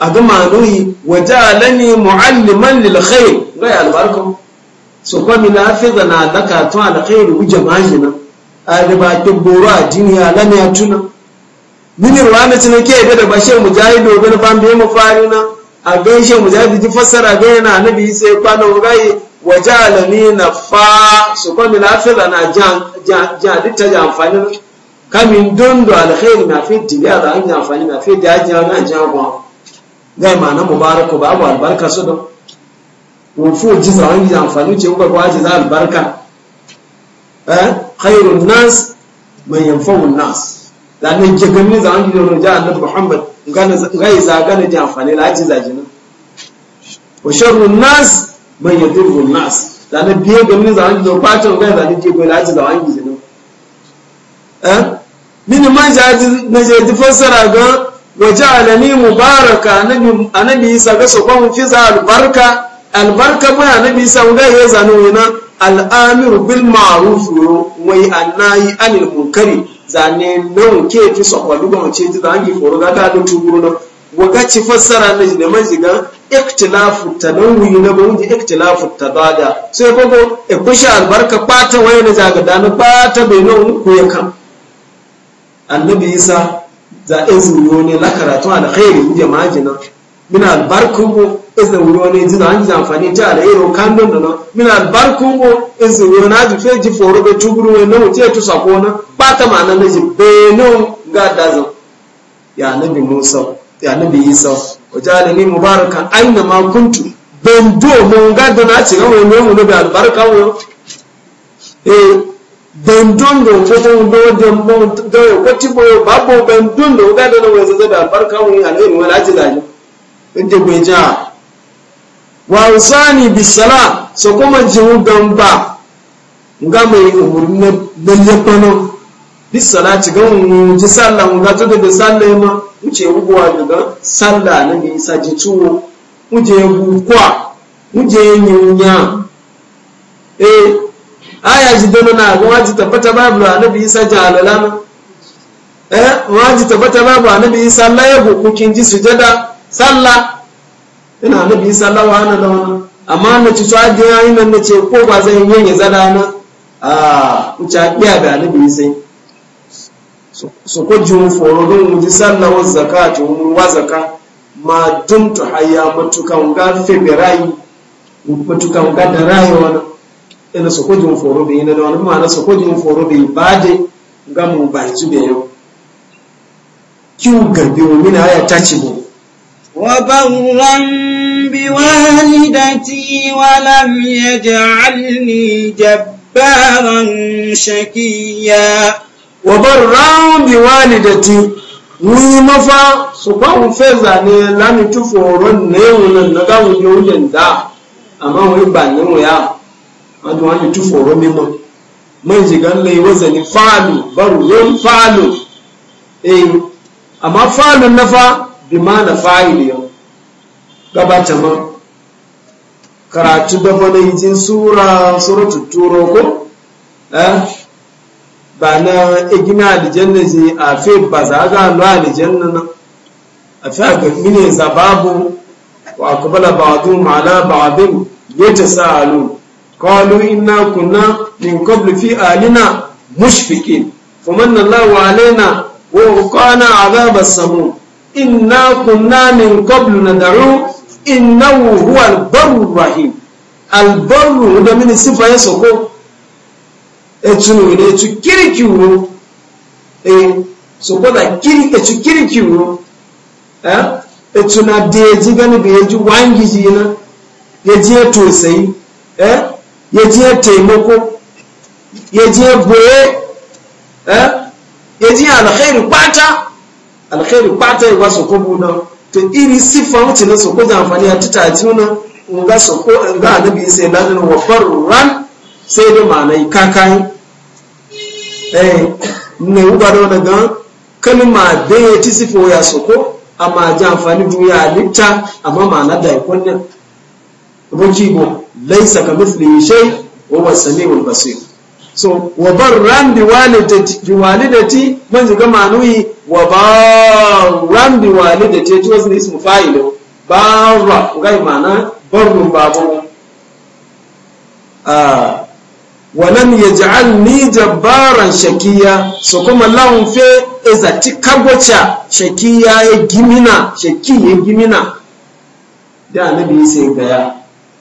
a ga manuyi wa ja'alani mu'alliman lil khair ga albarka so kwa mi lafiza na daka to alkhair wu jama'ina a da ba ke goro a duniya lana ya tuna mini ruwana tuna ke da ba shehu mujahid da ga ban mu farina a ga shehu mujahid ji fassara ga yana nabi sai kwano gai wa ja'alani nafa so kwa mi lafiza na jan jan jan ta jan amfani kamin dondo alkhairi ma fi diliya da an amfani ma fi da ajiya na ajiya ko ma na mubaraku ba abu albarka su don mun fu ji za an ce ko aji za albarka eh khairun nas man yanfa'un nas da ne ke ganin za an annabi muhammad ji amfani la wa sharrun nas man yadurru nas da ne biye za an la za an Eh? mini man na je fassara ga waje alani mubaraka anabi isa ga so kwan fi za albarka albarka ma anabi isa ga ya zanu wina al'amir bil ma'ruf wai annahi anil munkari zane nan ke fi so kwa dugan ce ta zangi foro ga ta tuguru na waga ci fassara na da man shiga ikhtilafu tanawwi na ba wuje ikhtilafu tadada sai gogo e kusha albarka pata wayna zaga dana pata bai nan ku yakan annabi isa za a zuriyo ne la karatu alkhairi in jama'a jina min albarkun ko in zuriyo ne jina an ji amfani ta alheri kan don da muna albarkun ko izin zuriyo na ji fe ji foro be tuguru ne no ce ta sako na ba ta ma nan ji be ga dazan ya nabi musa ya nabi isa ni mubarakan aina ma kuntu ben do mun ga da na ci ga wani mu ne albarka wo eh bendundo ngotondo dembo doyo kati boyo babo bendundo gada na wezaza da barka mun alheri wala ajiza ji inda ja? wa usani sala so kuma jiwu gamba nga mai umurne dalle Bi sala ci ga mun ji sallah mu ga to da sallah ma mu ce ugowa daga sallah na bi sa ji tuwo Mu je bu kwa mun je nyunya eh aya ji dono na ga waji tabbata babu annabi isa jalalana eh waji tabbata babu annabi isa la ya buku kin ji sujada salla ina annabi isa la wa ana da amma na ci ta ga yayin nan ce ko ba zan yin ya zada na a uta biya ga annabi isa so ko mu foro don mu ji salla wa zakatu mu wa zaka ma dum to hayya matukan ga febrai matukan ga da rayuwa ina sokojin foro bi ina da wani ma'ana sokojin foro bi baje ga mu ba yanzu da yau kiwu garbi wa mina ya ci mu wa barran bi walidati wa lam yaj'alni jabbaran shakiya wa barran bi walidati ni mafa su ba mu feza ne lami tu foron ne wannan na ga mu da amma wai ba ne mu ya wato wani tu foro mimo man ji galle wazani falu baru yan falu eh amma falun na fa bi ma na fa'il yau gabata ma karatu da bana yijin sura suratul turo ko eh ba na igina aljanna ji a fe ba za ga lo aljanna na a fi ga mine zababu wa akbala ba'dhum ala ba'dhin yatasaalu قالوا إنا كنا من قبل في آلنا مشفقين فمن الله علينا ووقانا عذاب السموم إنا كنا من قبل ندعو إنه هو البر الرحيم البر هذا من الصفة يسوكو etunu ne etu kiriki wuro eh so ko da kiri etu kiriki wuro eh etu na deji gani be eji ya je taimako ya je boye ya je eh? alkhairu kwata alkhairu kwata ya ba su kubu na to iri sifa wuce na su da amfani a tuta juna ga su ko ga annabi sai lalin wa farran sai da manai kakai eh ne uba da daga kalma da ya sifo ya soko amma ji amfani duniya litta amma ma'ana da ikonnin rujibu laisa ka mithlihi shay wa huwa samiul basir so wa barran bi walidati bi walidati man zuga manuyi wa barran bi walidati ji wasu ne ismu fa'ilu barra ga mana barru babu a ah, wa lam yaj'alni jabbaran shakiya so kuma lahum fi iza kagocha shakiya ya gimina shakiya gimina da annabi sai gaya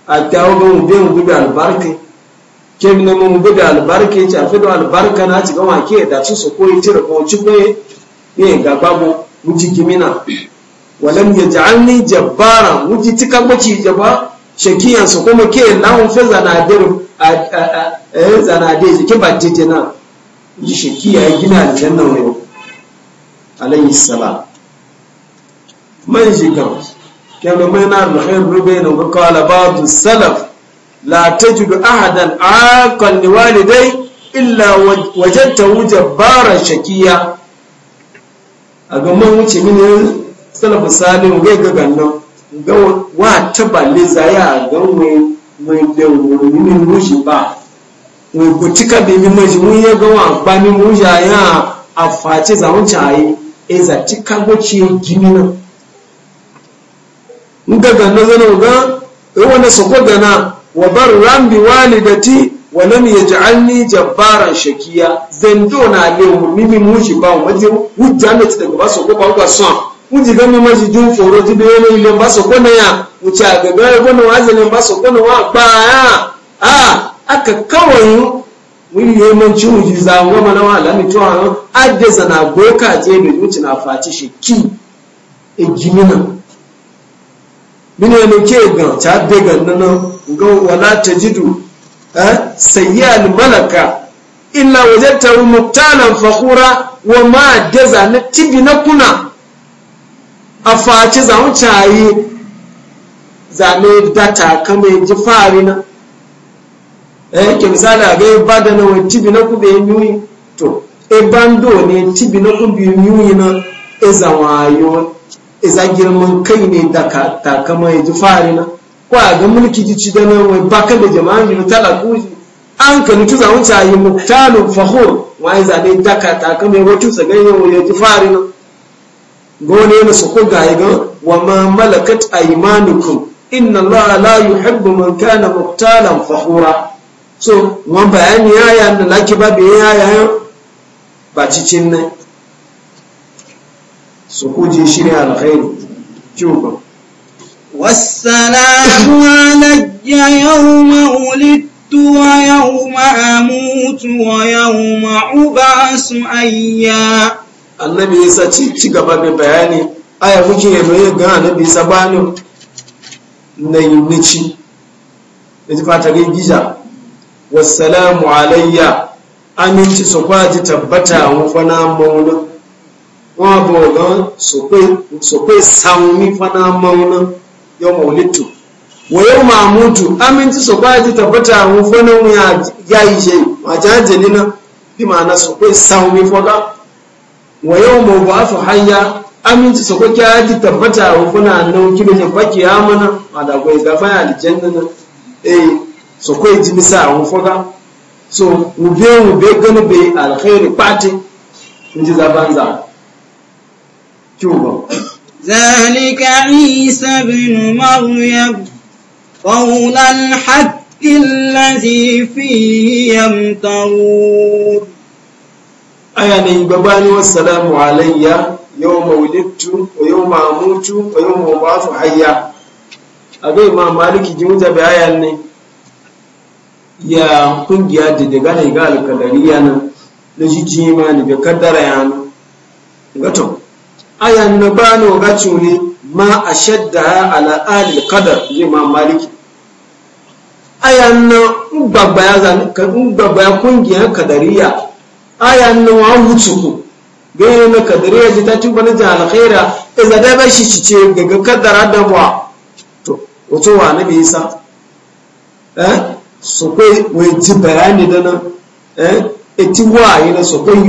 A hatta wani mu biyan gudu albarki. ke na mu gudu albarkin ci afi da albarka na ci gama ke da su su koyi cire ko ci koyi ne ga babu wuji kimina walam ya ja'alni jabbara wuji tika gwaci jaba shakiyan su kuma ke lawon fi zanadir a eh, zanadir jikin ba titi na ji shakiya ya gina aljanna wani alayhi salam man shi gabas kyanu maina ruhin rubin ga kala ba'du salaf la tajidu ahadan aqal dai walidai illa wajadta jabbara shakiya a ga mun wuce min salafu salim ga ga gannan ga wa tabali zaya ga mun mun da wuri min rushi ba mun gutika bi min mai mun ya ga wa ba min mun ya ya a face zamun chai za tika go ce gini nan nga ganna zana ga na sako gana wa barran bi walidati wa lam yaj'alni jabbaran shakiya zendo na le mu mimi ji ba mu ji u ne ta daga baso ko ba ga son ji ga mu ji jun foro ji be ne ile baso ko na ya mu cha ga ga ko na waje ne baso ko na wa ba ya a aka kawai mu yi man ci mu ji za mu mana wa lami to a adda zana goka je da ci na fati shi ki e gimina mine ya ke gan ta de gan nan ga wala tajidu sayyal malaka illa wajadta muqtalan fakhura wa ma jaza na tibi na kuna a faci zaun cayi zane data kama ji fari na eh ke misali ga ibada na wa tibi na ku be nyuyi to e bando ne tibi na ku be nyuyi na e zawayo iza girman kai ne takama ya ji fari na ko a ga mulki ji ci dana wai baka da jama'an ji tala kuji an ka nutu za wuce yi muktalu fahur wai za dai daka takama ya wato sa ganye wai ya ji fari na gone na su koga ya ga wa ma malakat aymanukum inna allaha la yuhibbu man kana muktalan fahura so wa bayani yaya na laki babi yaya ba cicin nan su kuje shi ne alkhairu kyau والسلام علي يوم ولدت ويوم أموت ويوم su أيا annabi yasa ci gaba da bayani aya kuke mai ga annabi yasa bani na yunici da ji gija wassalamu alayya aminci su kwaji tabbata wa fana wọn bọ̀ gan sọ̀pé sàmúmí fanámọ́ná yọ mọ̀lẹ́tò wọ́yọ́ mahmudu aminci sọ̀pá ti tabbata àwọn fọ́náwọn ya iṣẹ́ àjájẹ̀ nínú bí ma na sọ̀pé sàmúmí fọ́gá wọ́yọ́ mọ̀ bọ̀ afọ̀ hanyá aminci sọ̀pá kí a ti tabbata àwọn kí lóye baki ya mana àdàgbà ìgbàfà àlìjẹ́ nínú eh sọ̀pá ìjimisa àwọn fọ́gá so wùbẹ́ wùbẹ́ gánibẹ̀ alkhairi pàtẹ́ ní ti zabanzan ذلك عيسى بن مريم قول الحق الذي فيه يمترون أياني بباني والسلام علي يوم ولدت ويوم أموت ويوم أبعث حيا أبي ما مالك جمجة بآياني ya kungiya da daga قال ga alkalariya nan na jijji ma ne aya na bano ga cune ma a shadda ala alil qadar ji ma maliki aya na gbagba ya zan gbagba ya kungiyar kadariya aya na wa hutu gani na kadariya ji ta tuba na ji alkhaira iza da ba shi ci ce gaga kadara da ba to wato wa na bai sa eh so kai wai ji bayani da nan eh eti wa yana so kai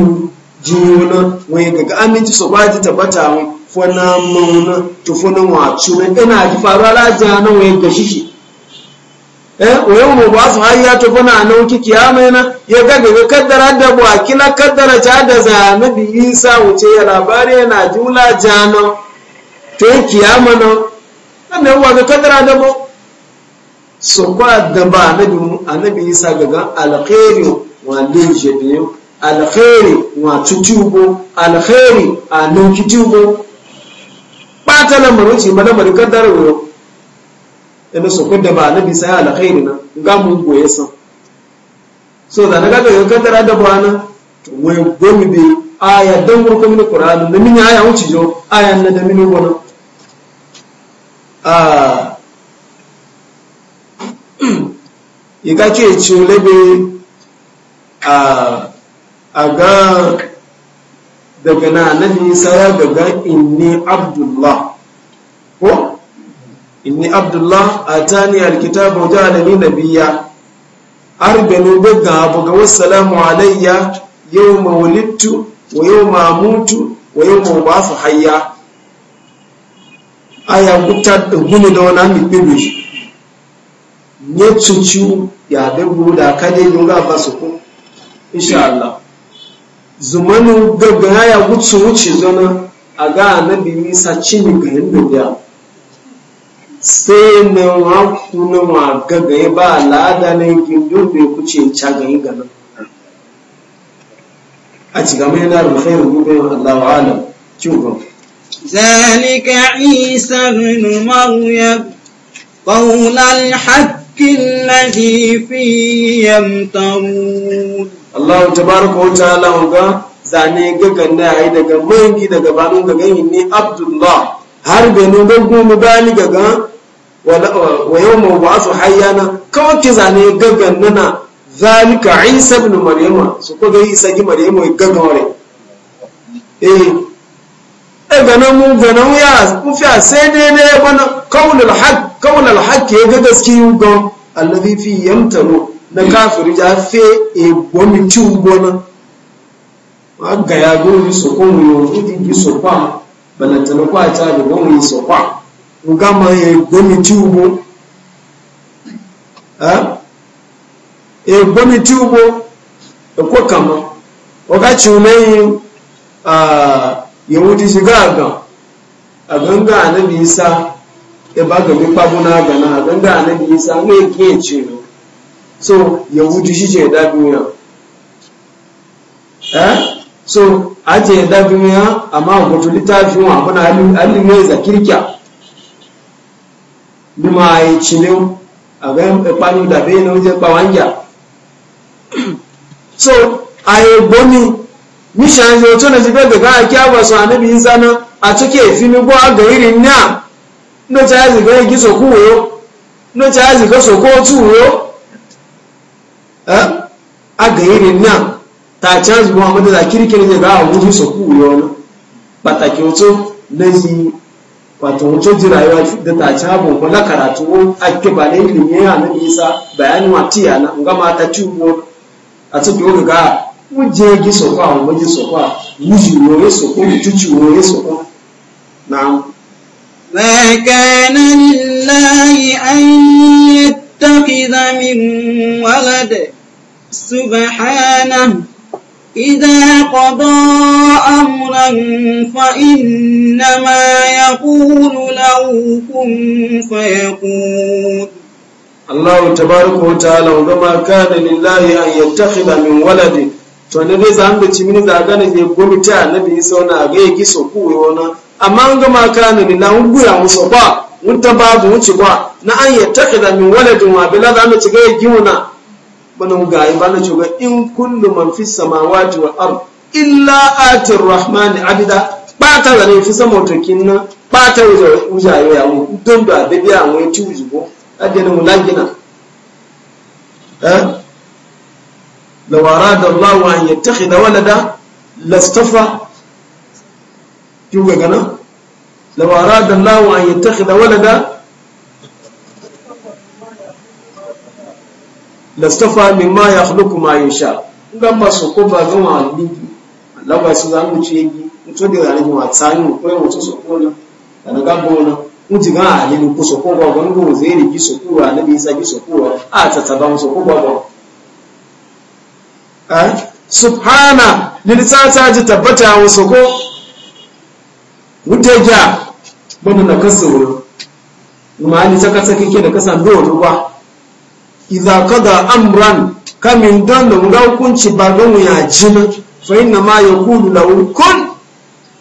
juna wani ga aminci su ba ji tabbata mu fona mauna to fona wa chuna ina ji faruwa lajiya jana wani ga shishi eh wai mu ba su hayya to fona nan ki kiyama na ya gaga ga kaddara da bu akila kaddara ta da za nabi Isa wuce ya labari yana jula jana to kiyama na annan wa ga kaddara da bu su kwa da ba annabi Isa ga alkhairu wa lejebiyau alkhairi wa tutubu alkhairi a nauki tubo ɓata lamarin ce mana bari kaddara wuro ina so kudda ba nabi sai alkhairi na ga mu goye san so da na gaga kaddara da bana na wai gomi bi aya dan gurko mini qur'an da mini aya wuce jo aya na da mini gona ah yi ka ce lebe ah a ga daga na nabi isa ya gaga inni abdullah ko inni abdullah a tani alkitabu wajen alami nabiya arbenu daga abu ga wassalamu alayya yau mawulittu wa yau mamutu wa yau mawubafu hayya aya guta guni da wani amin bibi ne cucu ya dabu da kade yunga ba su ku insha Allah zumanu gaggana ya gutsu wuce zana a ga annabi nisa cini ga yadda biya sai na waku na ma gaggaya ba al'ada na yankin dole kuce ca ga yi gana a ci gama yana ya mafi rububin allahu alam kyuba ذلك عيسى بن مريم قول الحق الذي فيه يمترون Allah tabaraka wa ta'ala ga zane gagan da yayi daga mangi daga banu ga gani ni Abdullah har ne ga mu bani gaga wa ba su hayyana kawai ki zane gagan nana zalika Isa ibn Maryama su ko ga Isa ibn Maryama gagan wore eh e nan mu ga mu ya ku fi sai dai ne bana qaulul haqq qaulul haqq ya ga gaskiyu ga alladhi fi yamtaru na kafiri ja fe egbo mi ti ugbo na wa ga ya go mi so ko mi o ti di so pa bana tan ko ata de go mi so pa o ga ma egbo mi ti ugbo ha egbo mi ti ugbo e ko kama o ga chi umeyi ah yahudi shiga ga a ganga anabi isa ya e ba ga bi kwabo na gana a ganga anabi isa ne ke ce no so yahudu shi ce da duniya eh so a ce da duniya amma wato littafi wa muna halin mai zakirkiya a yi cinin a bayan ipanu da bayan na wajen bawanja so a yi gbomi mishan yi otu na jibe daga aki su anabi yin zana, a cike fini bu a gairi na nnocha ya ziga igi sokowo nnocha ya ziga sokowo tuwo a gairi náà ta a wọn mọ́tò ta kirkiri ne ga àwọn ojú sọ̀kú yọ ọ́nà pàtàkì ọ̀tọ́ lẹ́yìn wato wuce jirayewa da ta bụ abu wala karatu ko ake ba da ya isa bayanin nwa tiya na ta ci a ci ga wuje gị so kwa wuje so kwa wuji wo يتخذ من ولد سبحانه إذا قضى أمرا فإنما يقول له كن فيقول الله تبارك وتعالى وما كان لله أن يتخذ من ولد to ne dai zan da cimini da gane ne gobe ta annabi isa ga yake so kuwe wannan amma ne na guya wunta babu wuce kwa na an yi takida min waladin wa bila za mu ciga ya giwuna bana ga yi bana cewa in kullu man fi samawati wal ard illa atir rahman abida bata da ne fi sama tokin na bata wuja ya mu don da da biya mu ci wuji ko adena mu langina eh law arada allah an yattakhidha walada lastafa yuga gana لو أراد الله أن يتخذ ولدا لاستفى مما يخلق ما ma yin sha ngan ba su ko ba ga wa bi Allah ba su zamu ce yi to da ranar wa tsani ko yau ko na mun ko su ko zai ni ji su ko wa nabi sa ji su ko a ta ta ba ko ba subhana ta ji tabbata wa ko mutaja bana na kasa wuri ma ali saka saka ke da kasa do ruwa idza qada amran kamin dan da muga hukunci ba ga mu ya jina fa inna ma yaqulu lahu kun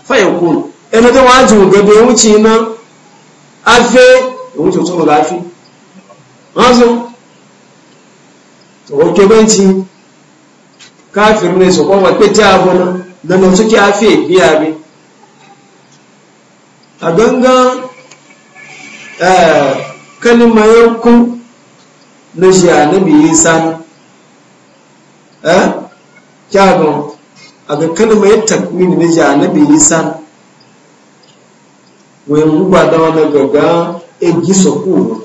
fa yakun ina da wajin ga da wuce na afe wuce to ga afi wazo to ke banci kafir ne so ko ta ta abuna da no suke afe biya biya a gangan eh, kalmayar ku na shi annabi isa eh kyagon a ga kalimayar takwini na shi annabi isa wayan guba da wani gaga egi sokuru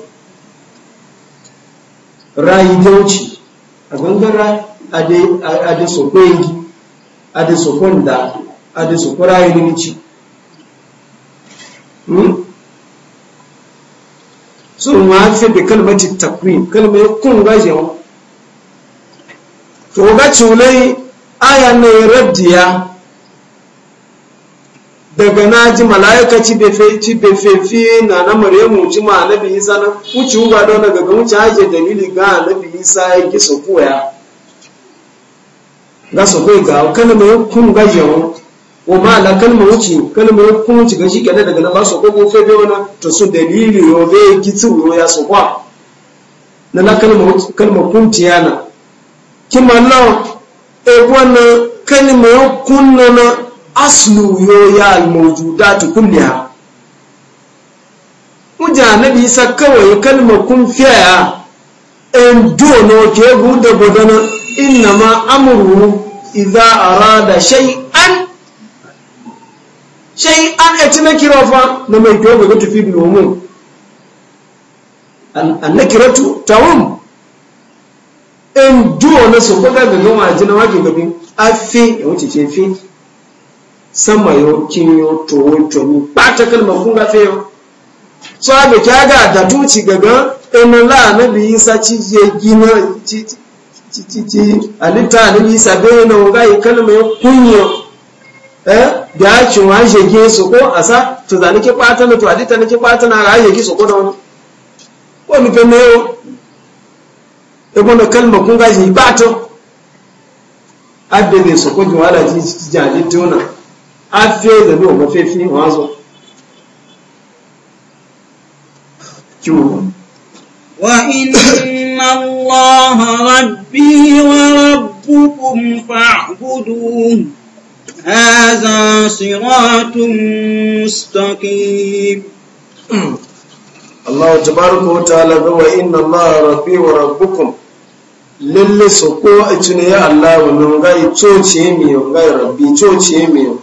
rayi dauci a gangan rayu gangara ade sokon egi ade sokon da a ade sokon rayi nimici Hmm? sun ma fi bi kalmati takwim kalmai kun gaje to ga culai aya ne raddiya daga na ji mala'ika ci befefi na na maryamu ci ma annabi isa na wuce uba don daga ga wuce haje dalili ga annabi isa ya ki so koya ga so kai kalmai kun gaje kuma ma la kalma wuce kalmar ya kuma ci gashi kenan daga nan ba su koko fe da wana to su dalili yo be gitu yo ya su kwa na la kalma kalma kunti yana ma na e bwana kalmar ya kunna na aslu yo ya al mawjudati kulliha muja nabi sa kawai kalmar kun fiya en do no ke da bodana inna ma amru idza arada shay'an shai an ya ci na fa na mai kyau ga tafi bin umu an na kiratu tawum in duwa na su kwaga ga gama ji na wake gabin afi ya wuce ce fi sama yau kinyo towo tomi ba ta kalmar kun gafe yau so abu kyaga da tuci gaga in la na bi isa ci je gina ci ci ci alita na bi isa na wa ga kalmar kunyo eh da ci wa shege su ko asa to za nake bata na to adita nake bata na ra yake su ko da wani ko ni fe meyo e bono kalma kun ga ji bato adde ne su ko jiwala ji ji jali tona afe da no ba fe fi wazo وإن الله ربي وربكم فاعبدوه هذا صراط مستقيم الله تبارك وتعالى وإن الله ربي وربكم lalle so ko a tuni ya Allah wa min gai tociye mi yo gai rabbi tociye mi yo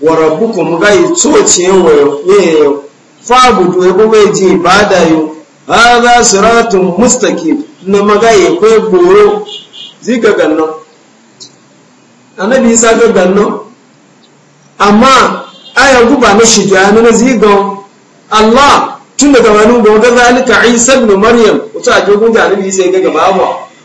wa rabbukum gai tociye wa ye yo fabudu e bobe ji ibada yo siratun mustaqim na ko boro zika ganno annabi isa ga ganno amma aya guba na shiga na zigon Allah tun daga wani ga wata zalika Isa Maryam wata a jogun da ya ga gaba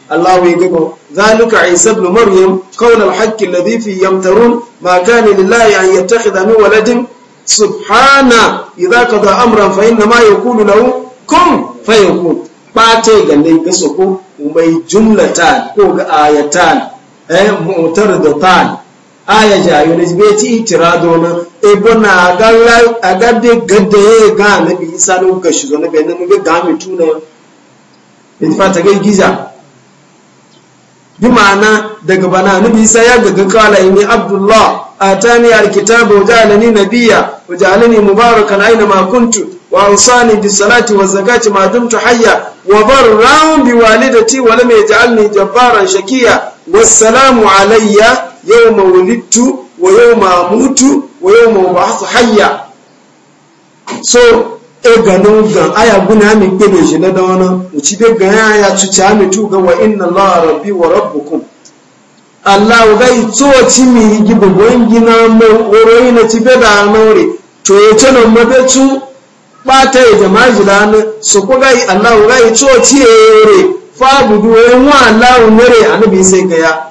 Allah ya ga zalika Isa Maryam qawl al-haqq alladhi yamtarun ma kana lillahi an yattakhidha min waladin subhana idza qada amran fa inna lahu kun fayakun bate ga ne ga soko mai ko ga tan aya jayo ne be ti itira dona e bona agalla agade gade e ga na bi isa ga shi zona be na ga mi tuna in ta ga giza bi ma'ana daga bana na bi isa ya ga kala ni abdullah atani alkitabu wa nabiyya wa Mubaraka mubarakan aina ma kuntu wa usani bi salati wa zakati ma dumtu hayya wa barra bi walidati wa lam yaj'alni jabbaran shakiya wassalamu alayya yau ma wulittu wa yau ma mutu wa yau ma ba hayya so e ganin gan aya guna mi gbebe shi na da wani uci be gan ya ya cuci ami tu ga wa inna allaha rabbi wa rabbukum allah ga ito ci mi yi gbogbo gina mo woro yi na ci be da nore to ya ce na mabe tu bata ya da jirani So ku ga allah ga ito ci ya yore fa budu e wa yan wa allah nore anabi sai ga ya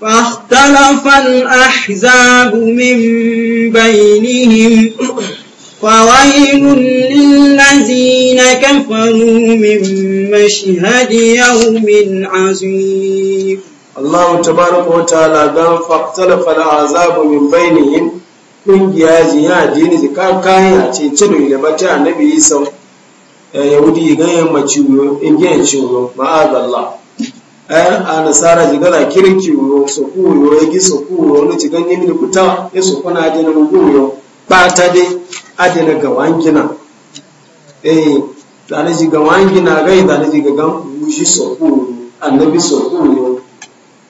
فاختلف الأحزاب من بينهم فويل للذين كفروا من مشهد يوم عظيم الله تبارك وتعالى قال فاختلف الأحزاب من بينهم من kungiya jihadi ne ji kakan ya ce cinu da bata annabi isa yahudi ga yammaci in gyan ciwo الله Eh, a nasara jigala kirki yo soku yo egi soku yo no jigan yimi da kuta e soku na adena mugu yo bata de adena gawangina eh dane ji gawangina gai dane ji gagan wuji soku annabi soku yo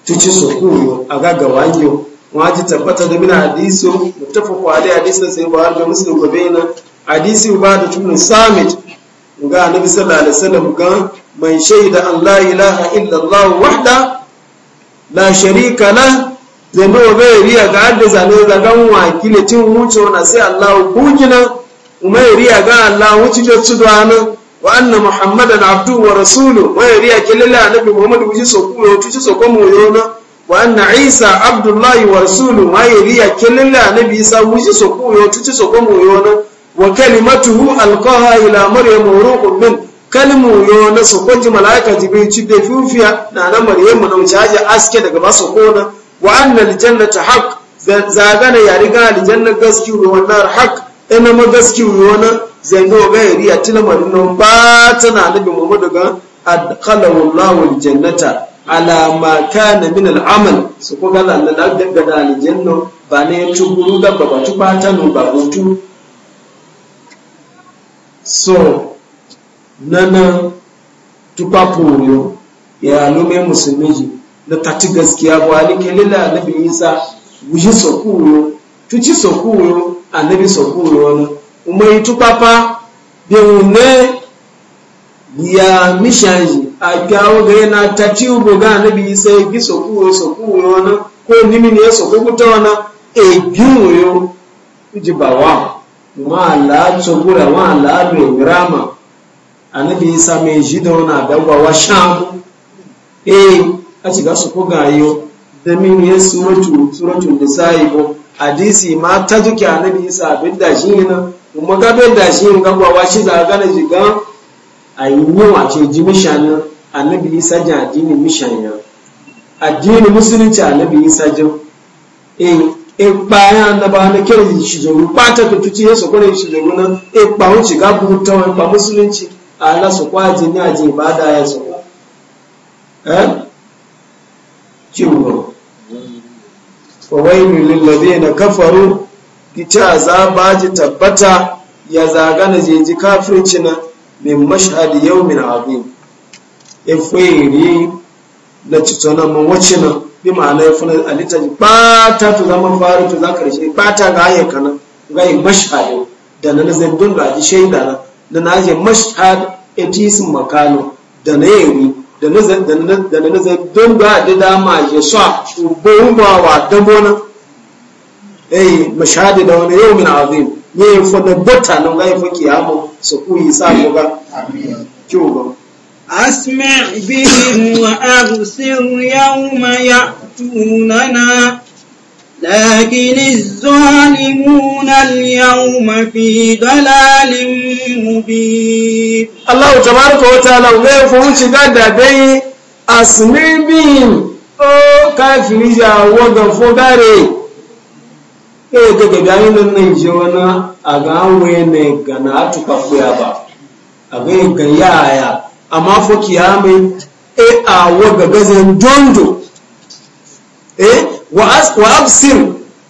tuci soku yo aga gawangiyo waji tabbata da mina hadiso tafi alai hadisin sai ba da muslim gobe na hadisi ba da tunu samit ga annabi sallallahu alaihi wasallam ga من شهد أن لا إله إلا الله وحده لا شريك له zendo bai riya ga adda zane zagan wakile tin wuce wani sai Allah bugina umai riya ga Allah wuce da su dana wa anna muhammadan abdu wa rasulu wa riya kelala annabi muhammad wuce so ku yo tuce so ko mu yo na wa anna isa abdullahi wa rasulu wa riya kelala annabi isa wuce so ku so ko mu wa kalimatuhu alqaha ila maryam ruhun min kalmu yo na sokoji malaika jibril ci be fufiya na na maryamu na wuce haji aske daga ba kona. wa anna aljannata haqq zagana ya riga aljanna gaski wa wannan haqq ina ma gaski wa wannan zango ga yari a tilamarin nan ba na nabi muhammadu daga adkhalahu allah aljannata ala ma kana min al'amal su ko ga Allah da daga da aljanna ba ne tuguru ga ba ba tu ba ta no ba so nana tupapoyo ya alume musulmi na tati gaskiya bu alikelela annabi isa wuji sokuyo tuci sokuyo annabi sokuyo na umai tupapa de une ya mishanji agyawo gare na tati ugo ga annabi isa gi sokuyo sokuyo na ko nimi ne sokukuta wana egiyo ujibawa ma la tsogura wa la be anabi isa mai ji da wani wa shamu eh a shiga su ko gayo da minu ya suratu suratun da sahibu hadisi ma ta zuke anabi isa abin da shi na. kuma ka bin da shi ne wa shi zaga ga na shiga a yi yiwa ce ji mishanin anabi isa ji addini mishanya addini musulunci anabi isa jin eh ipa ya annaba na kere shi zoru ba ta tutuci ya sokore shi zoru na ipa wuce gabu ta ipa musulunci ala su kwaji ni aji ba da ya su eh kiwo wa waylu lil ladina kafaru kici azaba ji tabbata ya zagana je ji kafirci na min mashhad yawmin azim efiri na citona mu wace na bi ma'ana ya funa alita ba ta to zaman faru tu za karshe ba ta ga ayyuka na ga mashhad da nan zai dun da ji shaida na da na je mashhad etisin makano da na yayi da na da na zai don ba da dama ya sha ubon ba wa dabona eh mashadi da wani min azim ne ya yi da bata nan ga ya fa su ku yi sa ko ga amin kyau wa asma' bihim wa absir yawma ya'tunana لكن الظالمون اليوم في ضلال مبين الله تبارك وتعالى وغير فهمت قد بي أسمي أو كافر جاء وقف داري eh daga gani nan nan je wani a ga waye ne ga na tuka kuya ba a ga ga yaya amma fo kiyamai eh a waga gazan dondo eh wa absir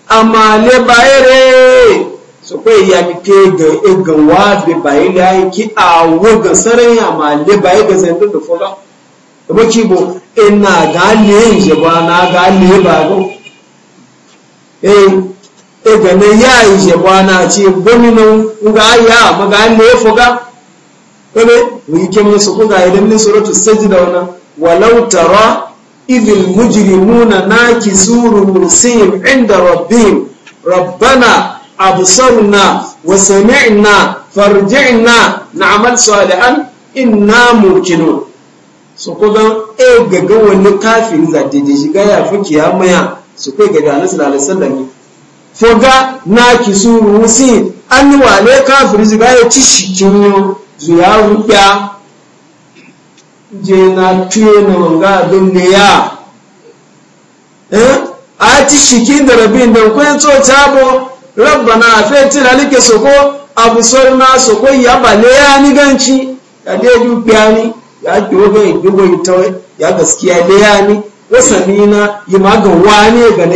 amma le bayere so ko ya mi ke ga e ga wa be bayele ai e ki awo ga sarai amma le baye ga zan da foga da e baki bo ina e ga le je ba na ga le ba go eh e ga ne ya je ba na ci gomino ga ya ma ga le foga ko ne mu yi kemi su ko ga idan ni suratu sajda wannan walau tara إذ المجرمون ناكسوا رؤوسهم عند ربهم ربنا أبصرنا وسمعنا فارجعنا نعمل صالحا إنا موقنون su kuga e gaga wani kafin zaɗe da shiga ya fi kiyamaya su kai ga ganin sallallahu sallam foga na ki su rusi an wale kafin shiga ya ci shi kinyo zuya ruɓya je na na wanga don ne ya eh a ti shiki da rabin da kun to tabo rabbana afati lalika soko abusarna soko ya bale ya ni ganci ya dai dubiya ni ya dogo dogo ita ya gaskiya da ya ni wasamina yi ma ga wani ga na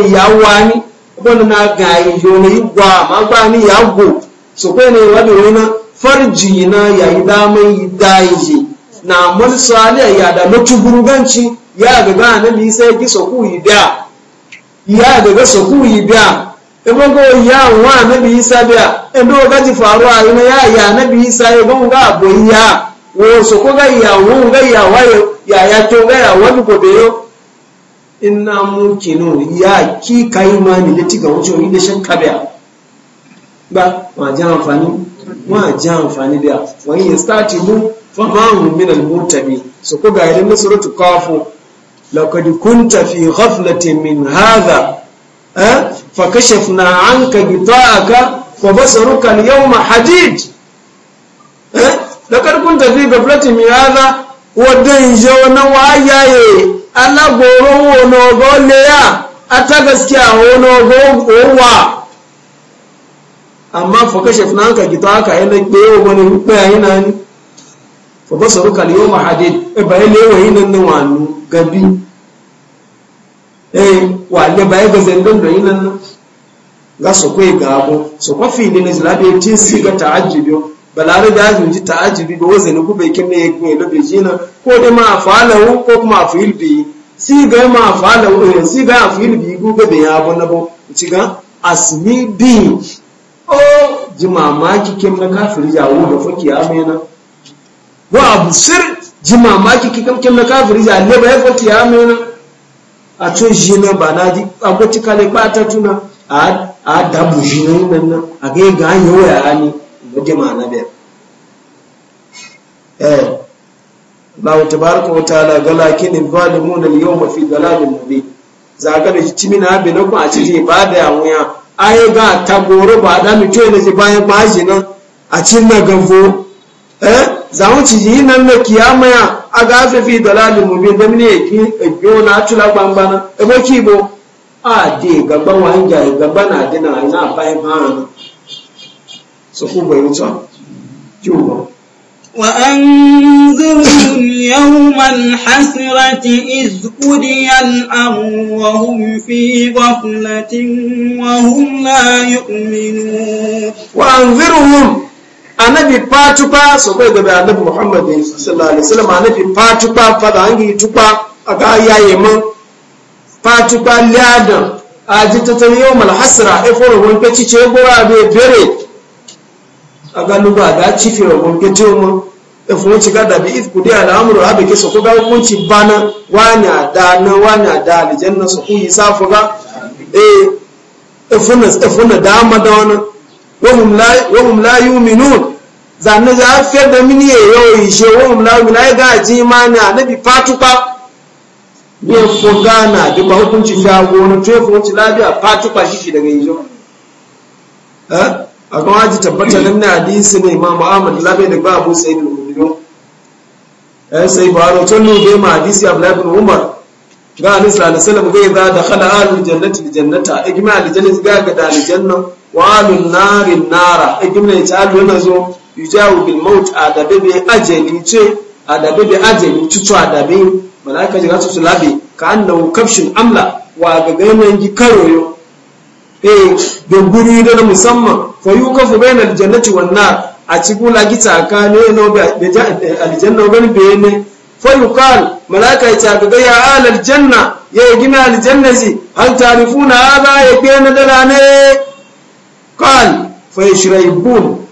yi ya wani wani na ga yo na yi gwa ma gwa ni ya go so ne wani wani farji na ya yi damar yi daji na mun saliya ya da mutu gunganci ya ga ga annabi sai ki soku biya ya ga ga soku biya ibon go ya wa annabi isa biya endo ga ji faru a ina ya ya annabi isa ya gon ga boyya wo soko ga ya wo ga ya wa ya ya to ga ya wani gobe yo inna mukinu ya ki kai mani ti ga wuce ni da shan kabiya ba ma ji amfani ma ji amfani biya wani ya start mu famahu min al-mutami so ko ga yadin nasu rutu kafu laqad kunta fi ghaflatin min hadha eh fa kashafna anka gita'aka fa basaruka al-yawma hadid eh laqad kunta fi ghaflatin min hadha wa dan jawana wa ayaye ya ata gaskiya wono gowa amma fa kashafna anka gita'aka yana kpeyo wani kpeyo yana ni fa basaru kal yawma hadid e baye lewayi nan nan wanu gabi eh wa le baye ga zendon do yinan ga so kwe ga abu so ko fi ne zila be tin si ga ta'ajjubi balare da azun ji ta'ajjubi ba wazani ku bai kin ne ya kun da bejina ko da ma falahu ko kuma fa'il bi si ga ma falahu si ga fa'il bi ku ga be ya abu na bo ci ga asmi bi o ji mamaki kin na kafiri ya wu da fuki amena wa abu sir ji mamaki ki kamkin na kafiri ya ne ba ya fati ya nuna a to shi na ba na ji akwati kale bata tuna a a dabu shi ne nan nan a ga ga an ya ni ga jama'a na biyar eh Allah tabaraka wa ta'ala gala da zalimuna al-yawma fi dalalin mubin zaga da ci mina bi na ku a cikin ibada ya wuya ai ga goro ba da mu ce ne ba bayan ba shi nan a cin na gafo eh zawon ciji nan na kiyama a gafe da dalalin mu bin damne ekiyo na tula gbangbana ebo kibo a gaba wani wanja gaba na dina ina bayan hana su ku bai wuce kiwo وأنذرهم يوم الحسرة إذ قضي wa وهم في غفلة وهم لا يؤمنون وأنذرهم anabi patupa sokwe gobe anabi muhammad sallallahu alaihi wasallam anabi patupa fada hangi tupa aga yaye mu patupa ladan aji tatan yo mal hasra e foro won pe cice gora be bere aga ba da cife won pe ce mu e foro ci gada bi if kudi ala amru abi ke won hukunci bana wani da na wana da aljanna sokui safuga eh e funa e funa da madana wahum la yuminun zanne za a fiyar da mini ya yau ishe wahum la yuminun ai ga ji imani annabi fatuka ne ko gana duk ba hukunci fiya gona to ko ci labiya fatuka shi shi daga yijo a kuma haji tabbata nan na hadisi ne imam ahmad labiya da babu sayyid al-mu'minin eh sai ba ro to lube ma hadisi abu ibn umar ga annabi sallallahu alaihi wasallam ga idza dakhala ahlul jannati al-jannata ijma al-jannati ga ga da al-jannah walun narin nara e gimna ci alu na zo yujawu bil maut adabe be ajali ce adabe be ajali tutu adabe malaika jira tutu labi ka annahu kafshin amla wa ga ganin gi karoyo eh da guri da musamman fa yukafu bainal jannati wan nar a cikin lagi tsakani no aljanna gani bayane fa yuqal malaika ya ga ya alal janna ya gina aljanna zi hal tarifuna hada ya gina dalane qal fa yashrabun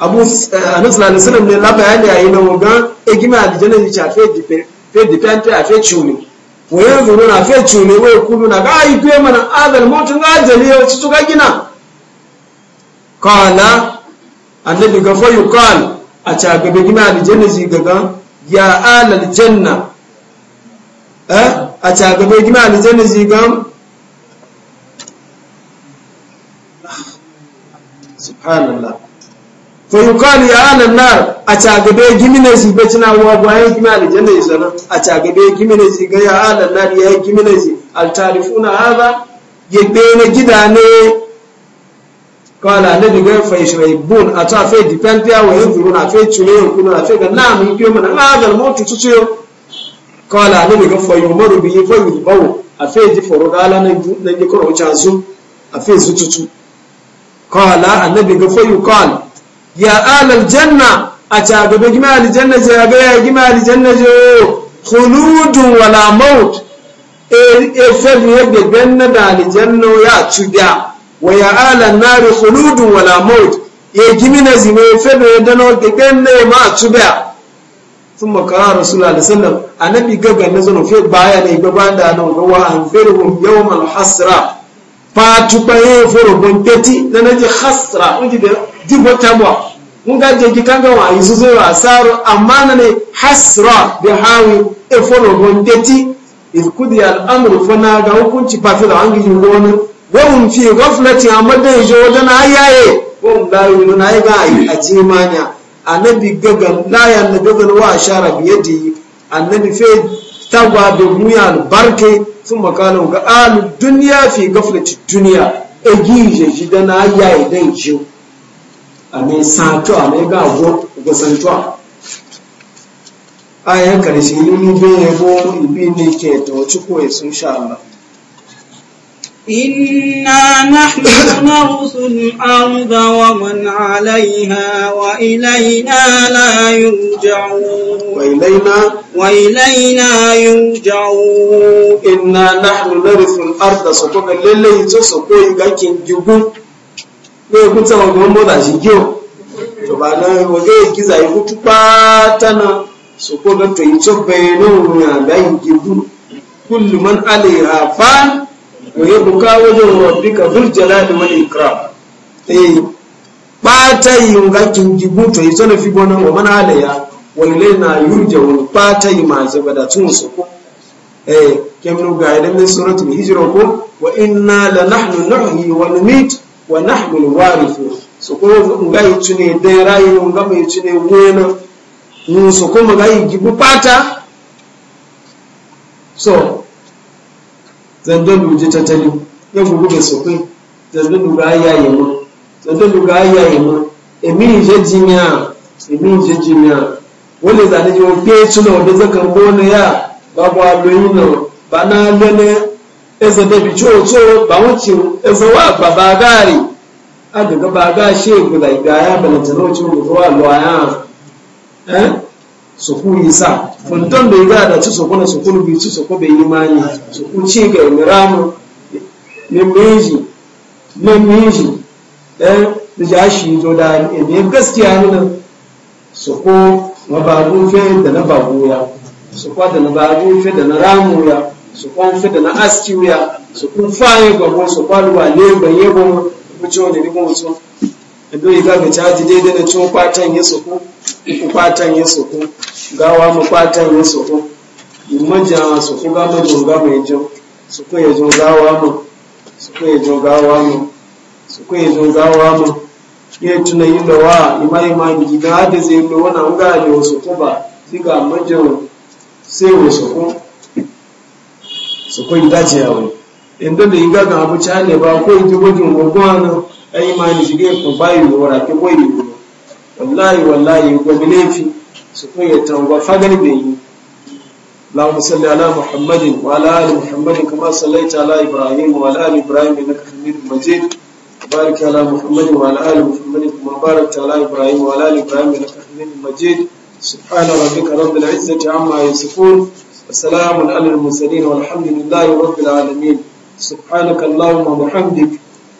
abu annabi sallallahu alaihi wasallam ne la bayani ayi na muga egima aljanna ni cha fe dipe fe dipente afe chuni wayan zuru na fe chuni wai kudu na ga yi pe mana adal mutun ga jaliya ci tuka gina qala annabi ga fa yuqal a cha ga be gima aljanna ji gaga ya alal janna eh a cha ga be gima aljanna subhanallah fa yuqalu ya ahlan nar a cagabe gimina shi be cina wa bayan gimina aljanna yi sana a cagabe gimina shi ga ya ahlan nar ya yi gimina shi al tarifuna hadha ye be ne gidane kala nabi ga fa a ta fa dipendia wa zuru na yadhuruna cire yin kuna fa ga na mu biyo mana hadha ah, al mautu tutuyo kala nabi ga fa yumaru bi fa yubawu a fa ji foro gala na ji koro wucin a fa su tutu qala annabi ga fa yuqal ya alal janna a ta gaba gima aljanna je ya ga gima gima aljanna je khuludun wala maut e e fa ya gbanna da aljanna ya tuda wa ya alal nar khuludun wala maut ya e gimina zime fa ya dano ya ma tuda sun makara rasula da sallam annabi gaba na zano fi baya ne gaba da nan ga wa an firhum yawon hasra patupaye foro bonketi ji hasra ujide jibo tabwa ga je kanga wa izuzo wa amma na ne hasra bi hawi e foro bonketi kudi al amru fana ga hukunci pafila angi jingona wawun fi ghaflati da je wadana ayaye wawun la yununa ay ga ji manya annabi gagan la ya annabi gagan wa ashara bi yadi annabi fe tagwa da muyal barke. sun makalau ga alu duniya fi gaflati duniya egi je shi da na ya idan ji a mai sato a mai ga gosantuwa a yankan shi yi ni bin yabo ibi ne ke ta wacce koyi sun sha Allah إنا نحن نرث الأرض ومن عليها وإلينا لا يرجعون وإلينا يرجعون إنا نحن نرث الأرض سكوكا للي تسكوي غاكين جبو ne kuta wa gombo da shi to ba na waje ya giza ya hutu kwata na su ko yi to bayanin ruwa da yin gibu kullu man wòye buka wajen rabbika zul jalali wal ikram eh bata yunga kingibuto izona wa mana na yurja yi tun su ko eh ga idan min suratul hijra ko wa inna la nahnu nuhyi wa numit wa nahnu ko yi rayu mai wena mun ko ga yi gibu so zandon duje tattali ya gugu da sokai zandon duga ayaye mu. zandon duga ayaye ma emi je jimiya emi je jimiya wale zane je pe tuna wade zakan bona ya babu aloyi na bana lene eza debi coco ba wuce eza wa ba bagari a daga baga shegu da igaya balantana wuce wuce wa loya eh yi sa, fonton bai ga da su sukuna na bi su soko bai yi mani soku ci ga miramu ne meji ne meji eh da ja shi zo da ne gaskiya ne nan soko ma ba fe da na babu ya soko da na babu fe da na ramu ya sukun fe da na aski ya fa faye ga go soko alwa ne ba yebo mu ci wani ne mu so ido yi gaga caji daidai da cin kwatan ya soko uku kwatan ya soko gawa mu kwatan ya soko imman jama soko ga mu jonga mai jo soko yi jo gawa mu soko yi jo gawa mu soko yi jo gawa mu ya tuna yi da wa ima ima gidi da hada zai yi wani an ga da wasu ku ba shi ga majan sai wasu ko soko yi dace yawon inda da yi gaga abu cane ba ko yi gwajin gwagwa nan ai ma ni shige ko bayi ko ra ke boyi wallahi wallahi ko bilefi su ko ya tawba fa gani be yi lahu salli ala muhammadin wa ala ali muhammadin kama sallaita ala ibrahim wa ala ali ibrahim innaka hamidum majid بارك على محمد وعلى آل محمد كما باركت على إبراهيم وعلى آل إبراهيم إنك حميد مجيد سبحان ربك رب العزة عما يصفون وسلام على المرسلين والحمد لله رب العالمين سبحانك